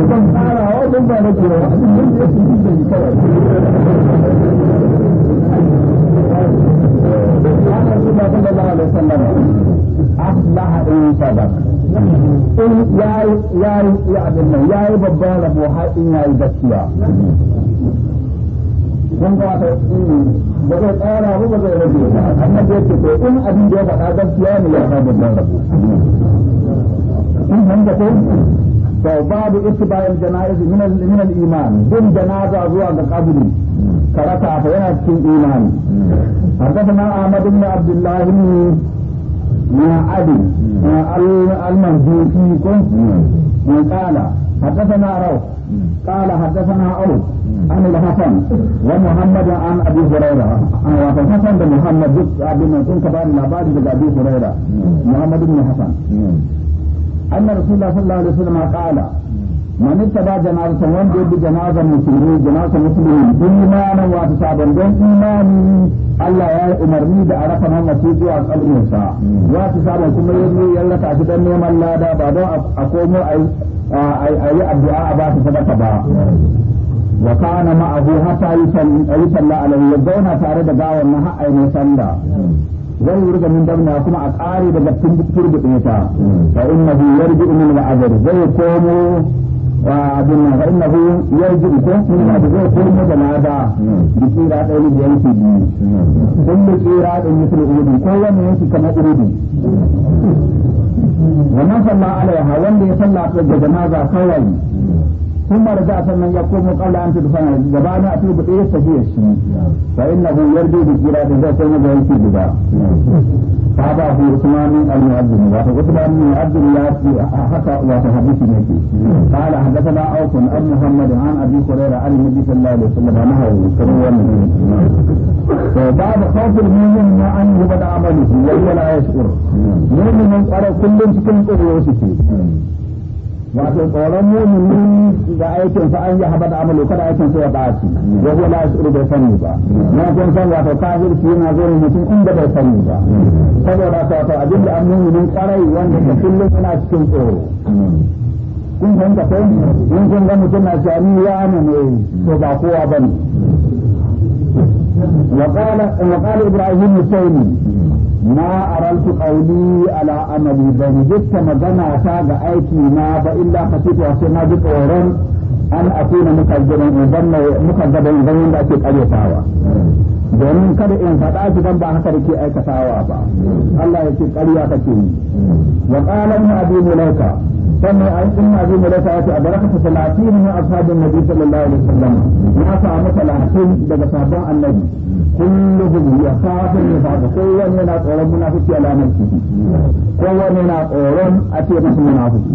ثم قال وضم رجل قال رسول الله صلى الله عليه وسلم إن صدق in ya yi abin nan ya yi babban rabo har in ya yi gaskiya kun ga ta mm, ba zai tsara ba ba zai rage ba amma da yake to in abin da ya faɗa gaskiya ne ya ba babban rabo kun san ko to babu ittibayin janaiz min al min al iman bin janaza zuwa ga kaburi karata fa yana cikin imani حدثنا احمد بن عبد الله ما عدل المهدي فيكم قال حدثنا روح قال حدثنا عوف عن الحسن ومحمد عن ابي هريره عن الحسن بن محمد بن كنت بان العباد بن ابي هريره محمد بن حسن ان رسول الله صلى الله عليه وسلم قال man ittaba janazatan wanda yabi janazan musulmi janazan musulmi imanan wa sabon don imani Allah ya yi umarni da arafa nan wasu zuwa kalminsa wa sabon kuma yayi yallaka shi dan neman lada ba don a komo a yi addu'a a ba ta sadaka ba wa kana ma'ahu hatta yi salla alaihi ya zauna tare da gawan na ha'ai mai sanda zai yi min damna kuma a ƙare daga turbuɗe ta fa innahu yarji'u min al'azab zai komo abin nan fa'in nahu yarji ko min ma da zai koma da lada da tsira ɗaya da yanki biyu sun da tsira da mutum urdu ko wani yanki kamar urdu wannan wanda ya salla da janaza kawai ثم رجع sannan ya komo قبل أن تدفن جبانا أتي بقية تجيه الشمس فإنه يرجو بجراد ذات يوم ذلك ta ba su sunanin al-mu'azzin ba ta kuma ba mu'azzin ya ce haka wa ta hadisi ne ke qala hadathana awfun an muhammad an abi hurayra an nabi sallallahu alaihi wasallam ma hawu kuma wannan ne to ba ba khawfin mu'min ma an yubada amali wa la yashkur mu'min an qara kullun cikin tsoro yake wato tsoron mumini da aikin sa an yi haba da amalu kada aikin sa ya baci ya zo na yashuru bai sani ba na kun san wato kafirci yana zo mutum inda bai sani ba saboda ta wato abin da an muminin kwarai wanda ka kullum yana cikin tsoro kun san ka sai in kun ga mutum na jami ya ne ne to ba kowa bane وقال وقال ابراهيم الثاني ma araltu qawli ala amali ban jitta magana ta ga aiki na ba illa fasitu wa sai na ji tsoron an akuna mukazzaban idan mukazzaban idan wanda ake karyatawa domin kada in faɗa shi ban ba haka da ke aikatawa ba Allah ya ce ƙarya kake yi wa qala ibn abi mulaika sanni a zai mu rasa yake a bar na ashabin nabi sallallahu samu talatin daga sabon annabi kullum ya kafin kowane yana tsoron munafiki kowane yana tsoron a ce masu munafiki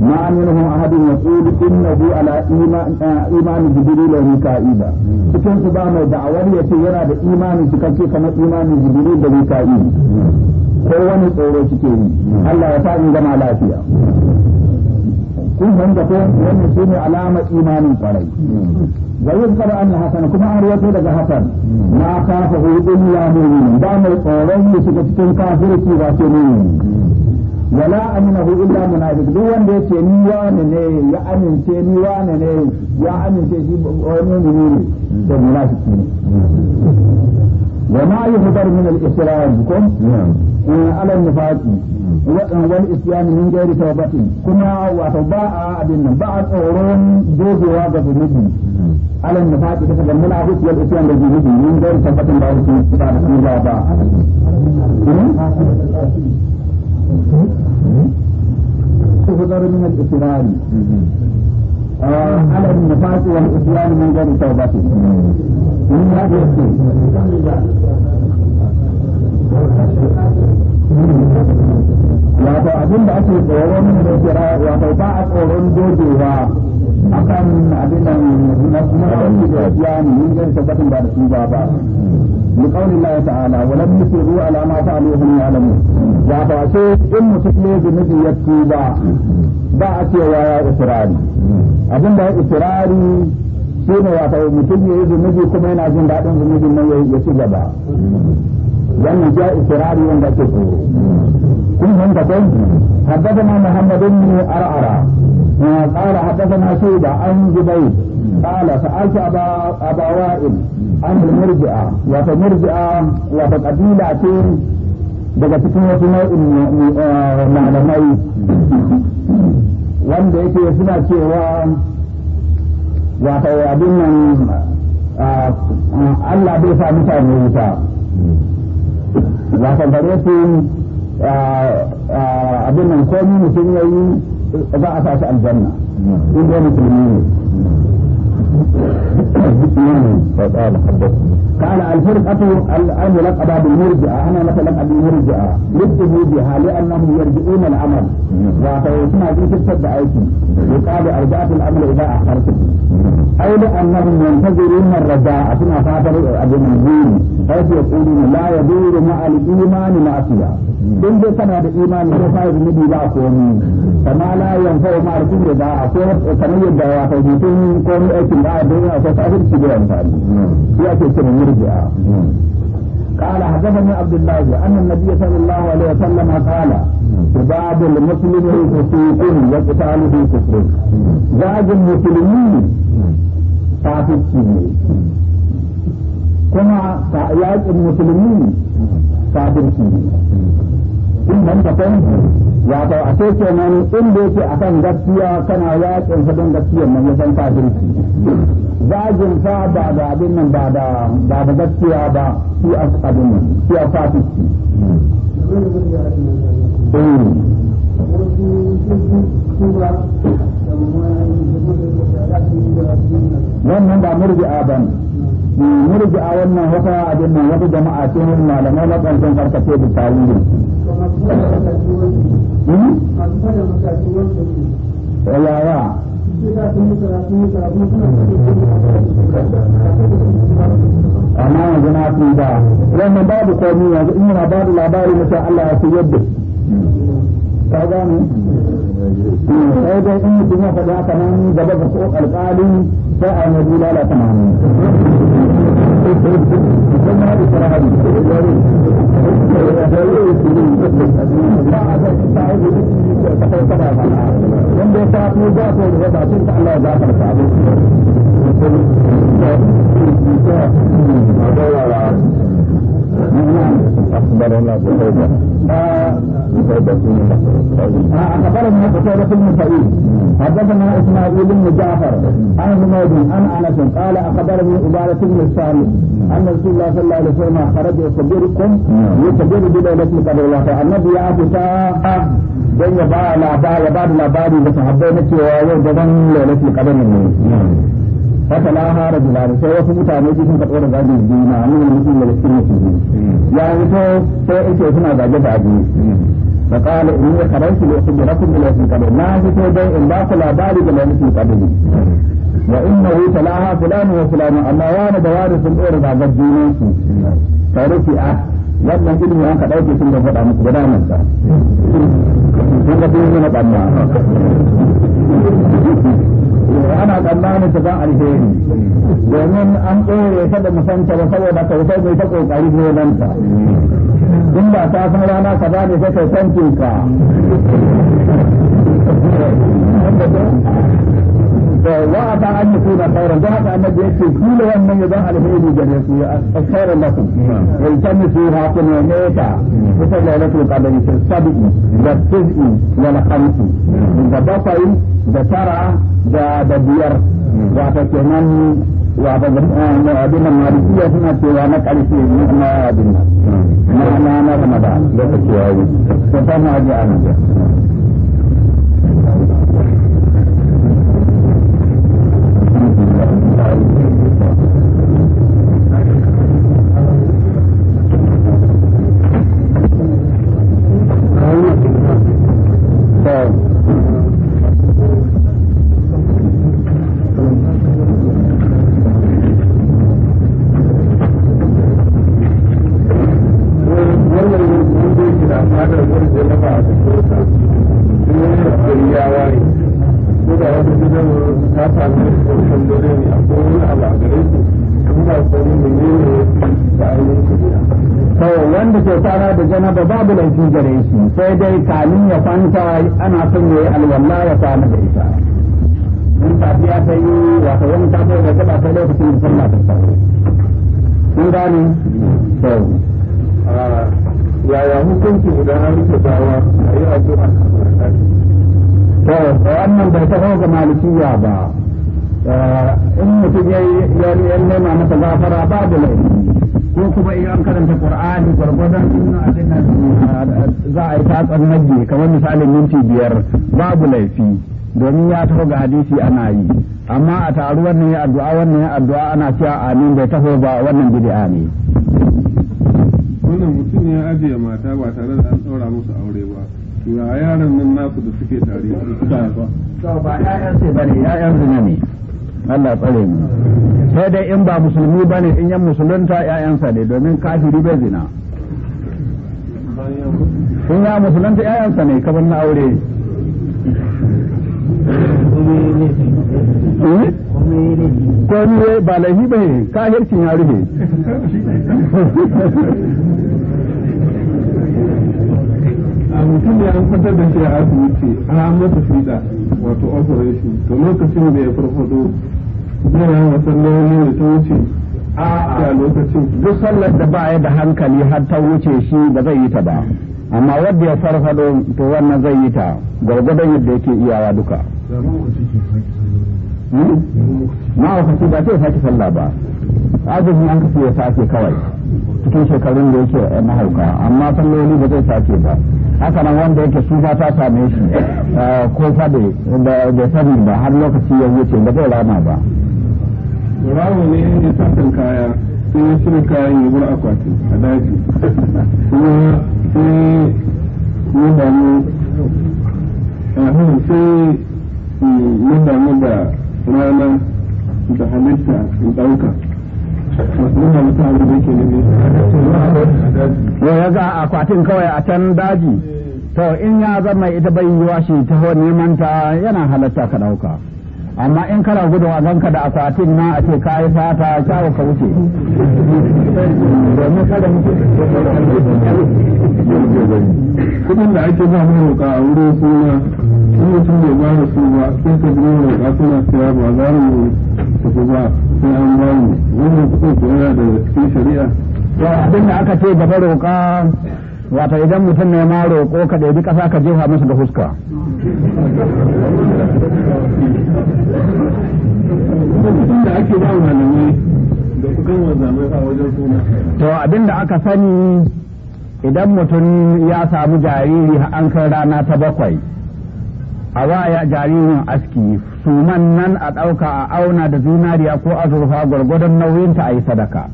ما منهم أحد يقول إنه على إيمان جبريل وميكائيل فكنت بعمل دعوة يتيرا بإيمان تكفي كما إيمان جبريل وميكائيل sai wani tsoro suke yi Allah ya sa in lafiya kun fahimta ko wannan shi ne alama imanin kwarai wa yuzkar an hasan kuma an rawaito daga hasan Na kafa hu illa mu'min ba mai tsoron ya shiga cikin kafirci ba ke mu'min wala aminahu illa munafiq duk wanda ya ce ni wane ne ya amince ni wane ne ya amince shi wani mu'min ne da munafiki ne wa ma yuhdar min al-islam kun alal nifaqi wadan wal isyan min gairi tawbatin kuma wato ba a abin nan ba a tsoron dogewa ga zunubi alal nifaqi ta ga munafiki wal isyan da zunubi min gairi tawbatin ba su ba da kuma ba تهدر من الإصرار على النفاق والإصرار من غير توبة من هذا الشيء wato abin da ake tsoron da kira wato ba a tsoron dogewa a kan abin da na kuma da ya ne mun zai tabbatin ba da su ba ba mu hmm. kaulin Allah ta'ala wa lam yusiru ala ma fa'alu hum ya'lamu hmm. wato a ce in mutum ne zunubi ya tuba hmm. ba a cewa ya israri abin da ya israri shine wato mutum ya yi zunubi kuma yana jin daɗin zunubin nan ya ci gaba wannan ja ikirari wanda ake tsoro kun san da kai haddathana muhammad ibn ar'ara qala haddathana shayba an zubayr qala sa'altu aba aba an murji'a wa ta murji'a wa ta ce daga cikin wasu nau'in malamai wanda yake suna cewa wato abin nan Allah bai sa mutane wuta wato bare su abin nan komi mutum ya yi za a sashi aljanna in dai musulmi ne. ba فقال حدثني قال الفرقة الملقبة بالمرجعة أنا أبي مرجعة لبته بها لأنهم يرجعون العمل وفيسمع في تبتد أيتي يقال أرجعت الأمر إذا أخرته أو لأنهم ينتظرون الرجاء كما فاتر أبو منزول حيث يقولون لا يدور مع الإيمان معصية don dai kana da imani ko ka yi nabi ba komi kama la fa ma ma'arfin da ba ko kamar yadda ya ko ni aikin ba don ya ko sabirci da amfani shi ake kira murji'a قال حدثني عبد الله ان النبي صلى الله عليه وسلم قال عباد المسلم فسوق وقتاله كفر زاج المسلمين فاسقين كما ياج المسلمين فاسقين in ban ka san wato a sai kenan in da yake akan gaskiya kana yakin sa don gaskiyar nan ya san kafirci zagin sa ba da abin nan ba da ba da gaskiya ba shi a abin nan shi a kafirci eh. wannan ba murji'a murji a wannan hukuma abin nan wata jama'a cikin malamai na ƙarfin karkace da tarihi yawa amma yanzu na fi ba wannan babu komi yanzu in yana ba da labari mutum Allah ya fi yadda ka gane sai dai in mutum ya faɗi haka nan gaba ga ko alƙalin sai a yi lalata mamu أخبرنا بحيبة أخبرنا قتيبة بن سعيد حدثنا إسماعيل بن جعفر عن حميد عن أنس قال أخبرني عبادة بن الصامت أن رسول الله صلى الله عليه وسلم خرج يخبركم يخبر بدولة قبل الله النبي يعطي don ya ba labari ya ba da labari da sahabbai na cewa yau gaban lailatul qadr ne haka la hara jilal sai wasu mutane su sun karɓo da gaji juna mun mutum da cikin mutum ya wuto sai yake suna gaje da abu fa qala inni kharajtu li ukhbirakum bil ladhi qad na fito dai in ba ku labari da ladhi qad wa innahu talaha fulan wa fulan amma wa na da wani sun dora da gaji juna su tarifi a wannan ilimi an ka dauke sun da faɗa muku da damar sa kun ga sun yi na ɓanna ana tsammanin ta zan alheri domin an ɓoye ta da musanta ba saboda kautar mai ta ƙoƙari ta in ba ta san rana ka ba ne ta kautar ka wa a ba an nufi na sauran don haka annabi ya ce su ne wannan ya zan alheri gare su a sauran da su ya yi tanni su ha ku ne ne ta kusa da wani tuka da nishin sabi'i da tuzi da na hamsi da bakwai da tara da da biyar wa ta ke nan wa ta ga abin da mariki cewa na karshe ne na abin na Yeah. dai kamin ya kwanta ana son ya yi alwala ya da ita in safiya ta yi wata wani ta da ta lokacin da sallah ta kun gane to yaya hukunci idan an rike addu'a to wannan bai ta ga malikiya ba eh, in mutum ya yi nema masa gafara da laifi ko kuma in an karanta qur'ani gwargwadon inna nan za a yi tatsar nage kamar misalin minti biyar babu laifi domin ya taho ga hadisi ana yi amma a taru wannan ya addu'a wannan ya addu'a ana cewa amin bai taho ba wannan bid'a ne wannan mutum ya ajiye mata ba tare da an ɗaura musu aure ba ya yaran nan nasu da suke tare ba ba ƴaƴan sai bane ƴaƴan zina ne Allah tsare mu sai dai in ba musulmi ba ne in yan musulunta ‘ya'yansa ne domin kafiri bai zina in ya musulunta ‘ya'yansa ne kamar na aure ko ba laifi ba ne kafircin ya rufe a mutum ya fitar da shi a asibiti a masa fiɗa wato operation to lokacin da ya farfado zai yi wa sallolin da ta wuce a lokacin duk sallar da ba ya da hankali har ta wuce shi ba zai yi ta ba amma wadda ya farfado to wannan zai yi ta gwargwadon yadda yake iyawa duka hmm? ma ba ce sake sallah ba azumin an kasu ya sake kawai cikin shekarun da yake na hauka amma salloli ba zai sace ba haka nan wanda yake sufa ta same shi eh, ko fade da sani ba har lokaci ya wuce ba zai rama ba rawo ne ya satan kaya sai ya cire kayan ya bar akwati a daji kuma sai ya damu eh, sai ya damu da rana da halitta in ɗauka nuna musu da ya za a kwatin kawai a can daji to in ya zama ita bai yi shi ta neman ta yana halatta ka ɗauka. amma in kana gudun a ganka da akwatin na a ce ka yi fata kyawu ka wuce domin kada kudin da ake ba mai roƙa a wurin suna in mutum bai ba da su ba sai ka biyo roƙa suna siya ba za mu tafi ba sai an ba mu wannan kudin yana da cikin shari'a to abin da aka ce gaba roƙa Wata idan mutum ne ma roƙo ka ɗaiɗi ƙasa ka jefa musu da fuska to abin da aka sani idan mutum ya samu jariri an kai rana ta bakwai a waya jaririn aski suman nan a ɗauka a auna da zinariya ko azurfa gwargwadon nauyinta a yi sadaka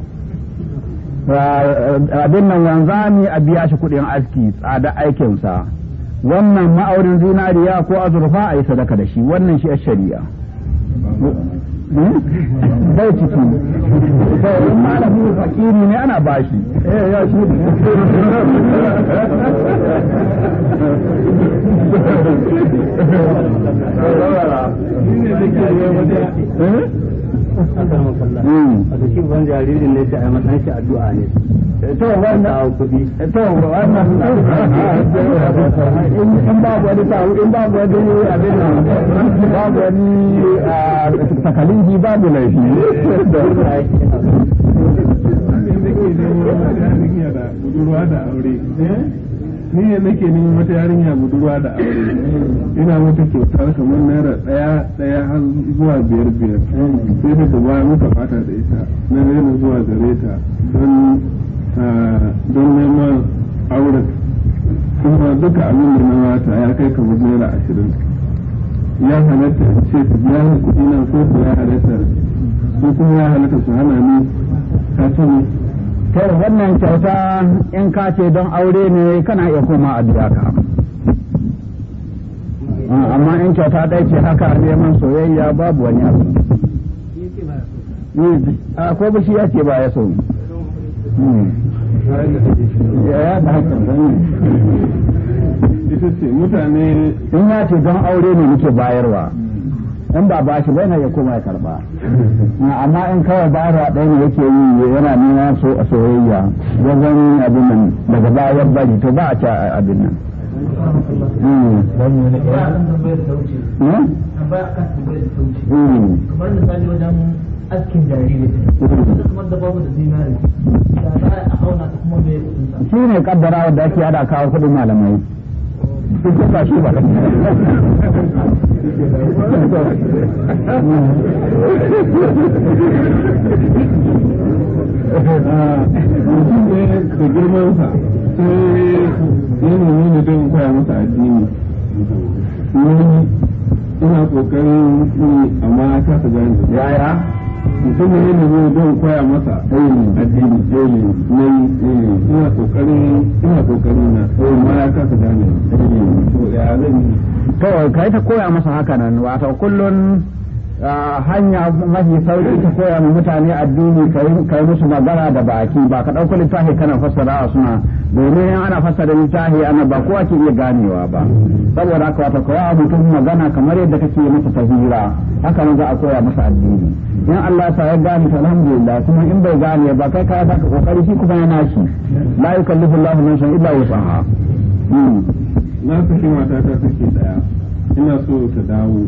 abin nan wanzami a biya shi kuɗin aski tsada aikinsa wannan ma'aurin zinariya ko azurfa a yi sadaka da shi wannan shi a shari'a hmm? bai ciki fakiri ne ana bashi eh, ya shi eh? wato shi ban jaririn ne sai a matan shi addu'a ne to wannan kuɗi to wannan in babu wani tawo in babu wani abin nan babu wani sakalinji babu laifi ni ne nake neman wata yarinya budurwa da aure ina mata kyautar kamar naira daya daya har zuwa biyar biyar sai da gaba muka fata da ita na naira zuwa gare ta don ah, don neman aure kuma duka abin da na mata ya kai kamar naira ashirin ya halatta a ce ta biya ni kuɗi na so ya halatta su kuma ya halatta su hana ni ka ce to wannan kyauta in ka ce don aure ne kana iya koma a biya ka amma in kyauta ɗai ce haka neman soyayya babu wani abu hmm. a ko ba shi ya ce ba ya so hmm. ya ce mutane in ya ce don aure ne muke bayarwa in ba ba shi bane ya koma ya karba amma in kawai bara ɗaya ne yake yi yana nuna so a soyayya wajen abin nan daga baya bari to ba a ci abin nan hmm. hmm? hmm. kamar askin kamar da zinari a kuma bai shi ne kaddara wadda ake hada kawo kudin malamai sun kafa su ba mutum ne da girmansa sai ya nemi mutum koya masa addini ni ina kokarin amma ta gani yaya ne ne zo don koya masa addini ne ina kokarin ina kokarin na ɗaya ma ya kasa gane to ya zan kawai yi ta koya masa haka nan wata kullun hanya mafi sauki ta koya ma mutane addini kai musu magana da baki ba ka ɗauko littafi kana fassara suna domin ana fassara littafi ana ba kowa ke iya ganewa ba saboda haka wata koya mutum magana kamar yadda kake masa tahira haka nan za a koya masa addini in Allah sa ya gane ta alhamdulillah kuma in bai gane ba kai ka ta kokari shi kuma yana shi la yukallifu Allahu nafsan illa wusaha hmm. na ta ina so ta dawo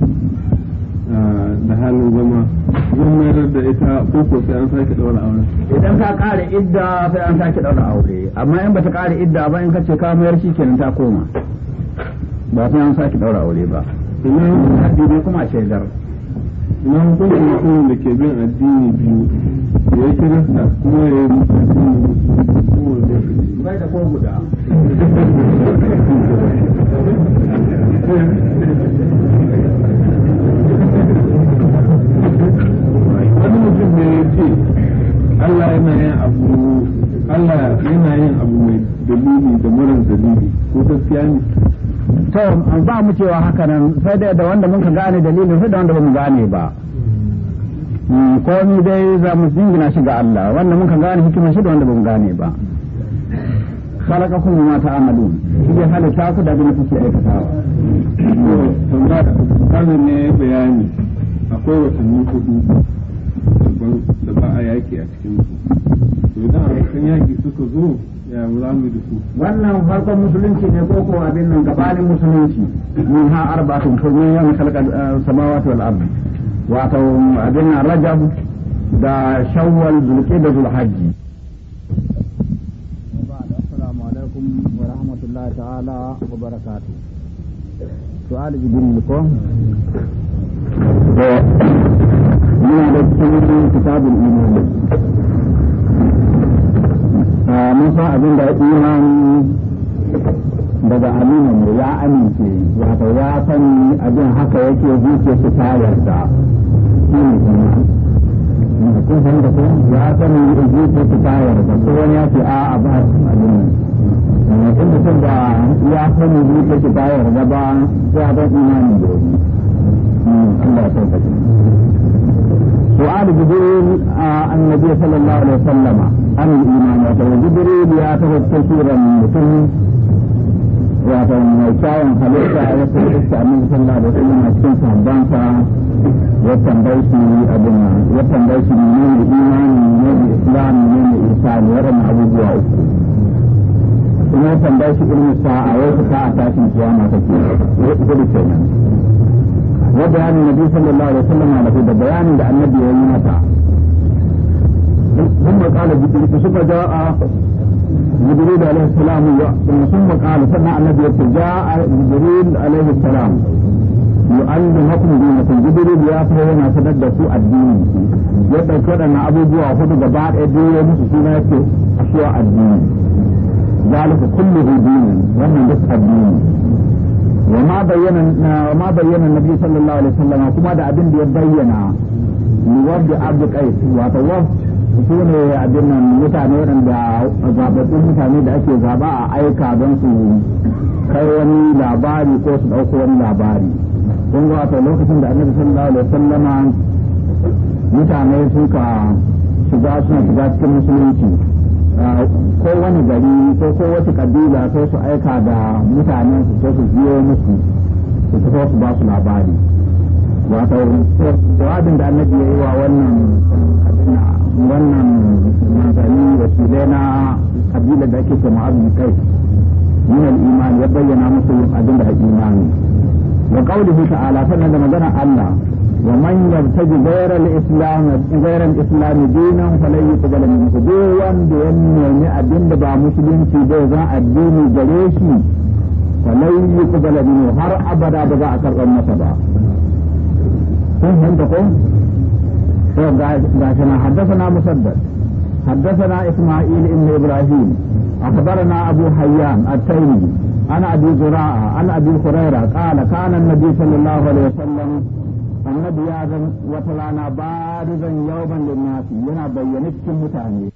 da halin zama zan mayar da ita ko sai an sake daura aure idan ka kare idda sai an sake daura aure amma in bata kare idda ba in kace ka mayar shi kenan ta koma ba sai an sake daura aure ba idan haddi ne kuma a shaidar na hukunci mutumin da ke bin addini biyu ya kira kirista kuma ya yi musulmi da ko guda *laughs* *laughs* mutum ne ya ce Allah yana yin abu Allah yana yin abu mai dalili da murar dalili ko gaskiya ne to ba mu cewa haka nan sai dai da wanda muka gane dalilin sai da wanda bamu gane ba hmm, komi dai za mu jingina shi ga Allah wanda muka gane hikimar shi da wanda bamu gane ba khalaqakum ma ta'malun shi ya halitta ku da abin da kuke aikatawa to da ne bayani akwai watanni hudu daban da ba a yaki a cikin su to idan abokan yaki suka zo ya za mu da su wannan farkon musulunci ne ko ko abin nan gabanin musulunci mun ha arba'atun to mun yan kalka eh, samawati wal ard wato abin nan rajab da shawwal zulqa'da zulhajji assalamu alaikum wa rahmatullahi ta'ala wa barakatuh su'al jibril ko yana da cikin kitabul imani a ah, mun abin da imani daga aminin mu ya amince wato ya sani abin haka yake zuciya su tayarsa ne kun san da ko ya sani zuciya su tayarsa ko wani ya ce a a ba abin in mutum da ya sani zuciya su tayarsa ba ya ban imani da wani سؤال جبريل آه النبي صلى الله عليه وسلم عن الإيمان وقال جبريل يا كثيرا من وقال ميشايا خليفة يقول النبي صلى الله عليه وسلم أكين صحبانسا يتنبيشي أبنا يتنبيشي من الإيمان من الإسلام من الإنسان ورم عبود وعسر ثم يتنبيشي إلم الساعة ويتقاع تاشم قيامة كثيرة وبيان النبي صلى الله عليه وسلم على في بيان ده النبي ومتى ثم قال ثم جاء جبريل عليه السلام ثم قال سمع النبي جاء جبريل عليه السلام يعلمكم دينكم جبريل يا فهو ما سند سوء الدين يبقى كان ان ابو جوا خد جباع ادو اشياء الدين ذلك كله دين ومن بس الدين وما بين وما بين النبي صلى الله عليه وسلم كما دا ابن da بين abu عبد قيس وتوف su ne abin nan mutane waɗanda zaɓaɓɓun mutane da ake zaba a aika don su kai wani labari ko su ɗauko wani labari don ga wata lokacin da annabi sallallahu alaihi wasallama mutane suka shiga suna shiga cikin musulunci ko wani gari ko ko wata kabila sai su aika da mutanen su sai su biyo musu su fito su ba su labari wato jawabin da annabi ya yi wa wannan wannan manzanni da filai na kabila da ake kuma abin kai yin al'imani ya bayyana musu abin da imani wa qawlihi ta'ala sannan da magana Allah ومن يرتد غير الاسلام غير الاسلام دينا فلن يقبل منه دوا بان ابن بابا مسلم في جوزاء الدين جريشي فلن يقبل منه هر ابدا بابا اكرر النصبا فهم تقول فقال حدثنا مسدد حدثنا اسماعيل ابن ابراهيم اخبرنا ابو حيان التيمي انا ابي زراعه انا ابي هريره قال كان النبي صلى الله عليه وسلم annabi ya zan wata rana barizan yawban linnasi yana bayyane cikin mutane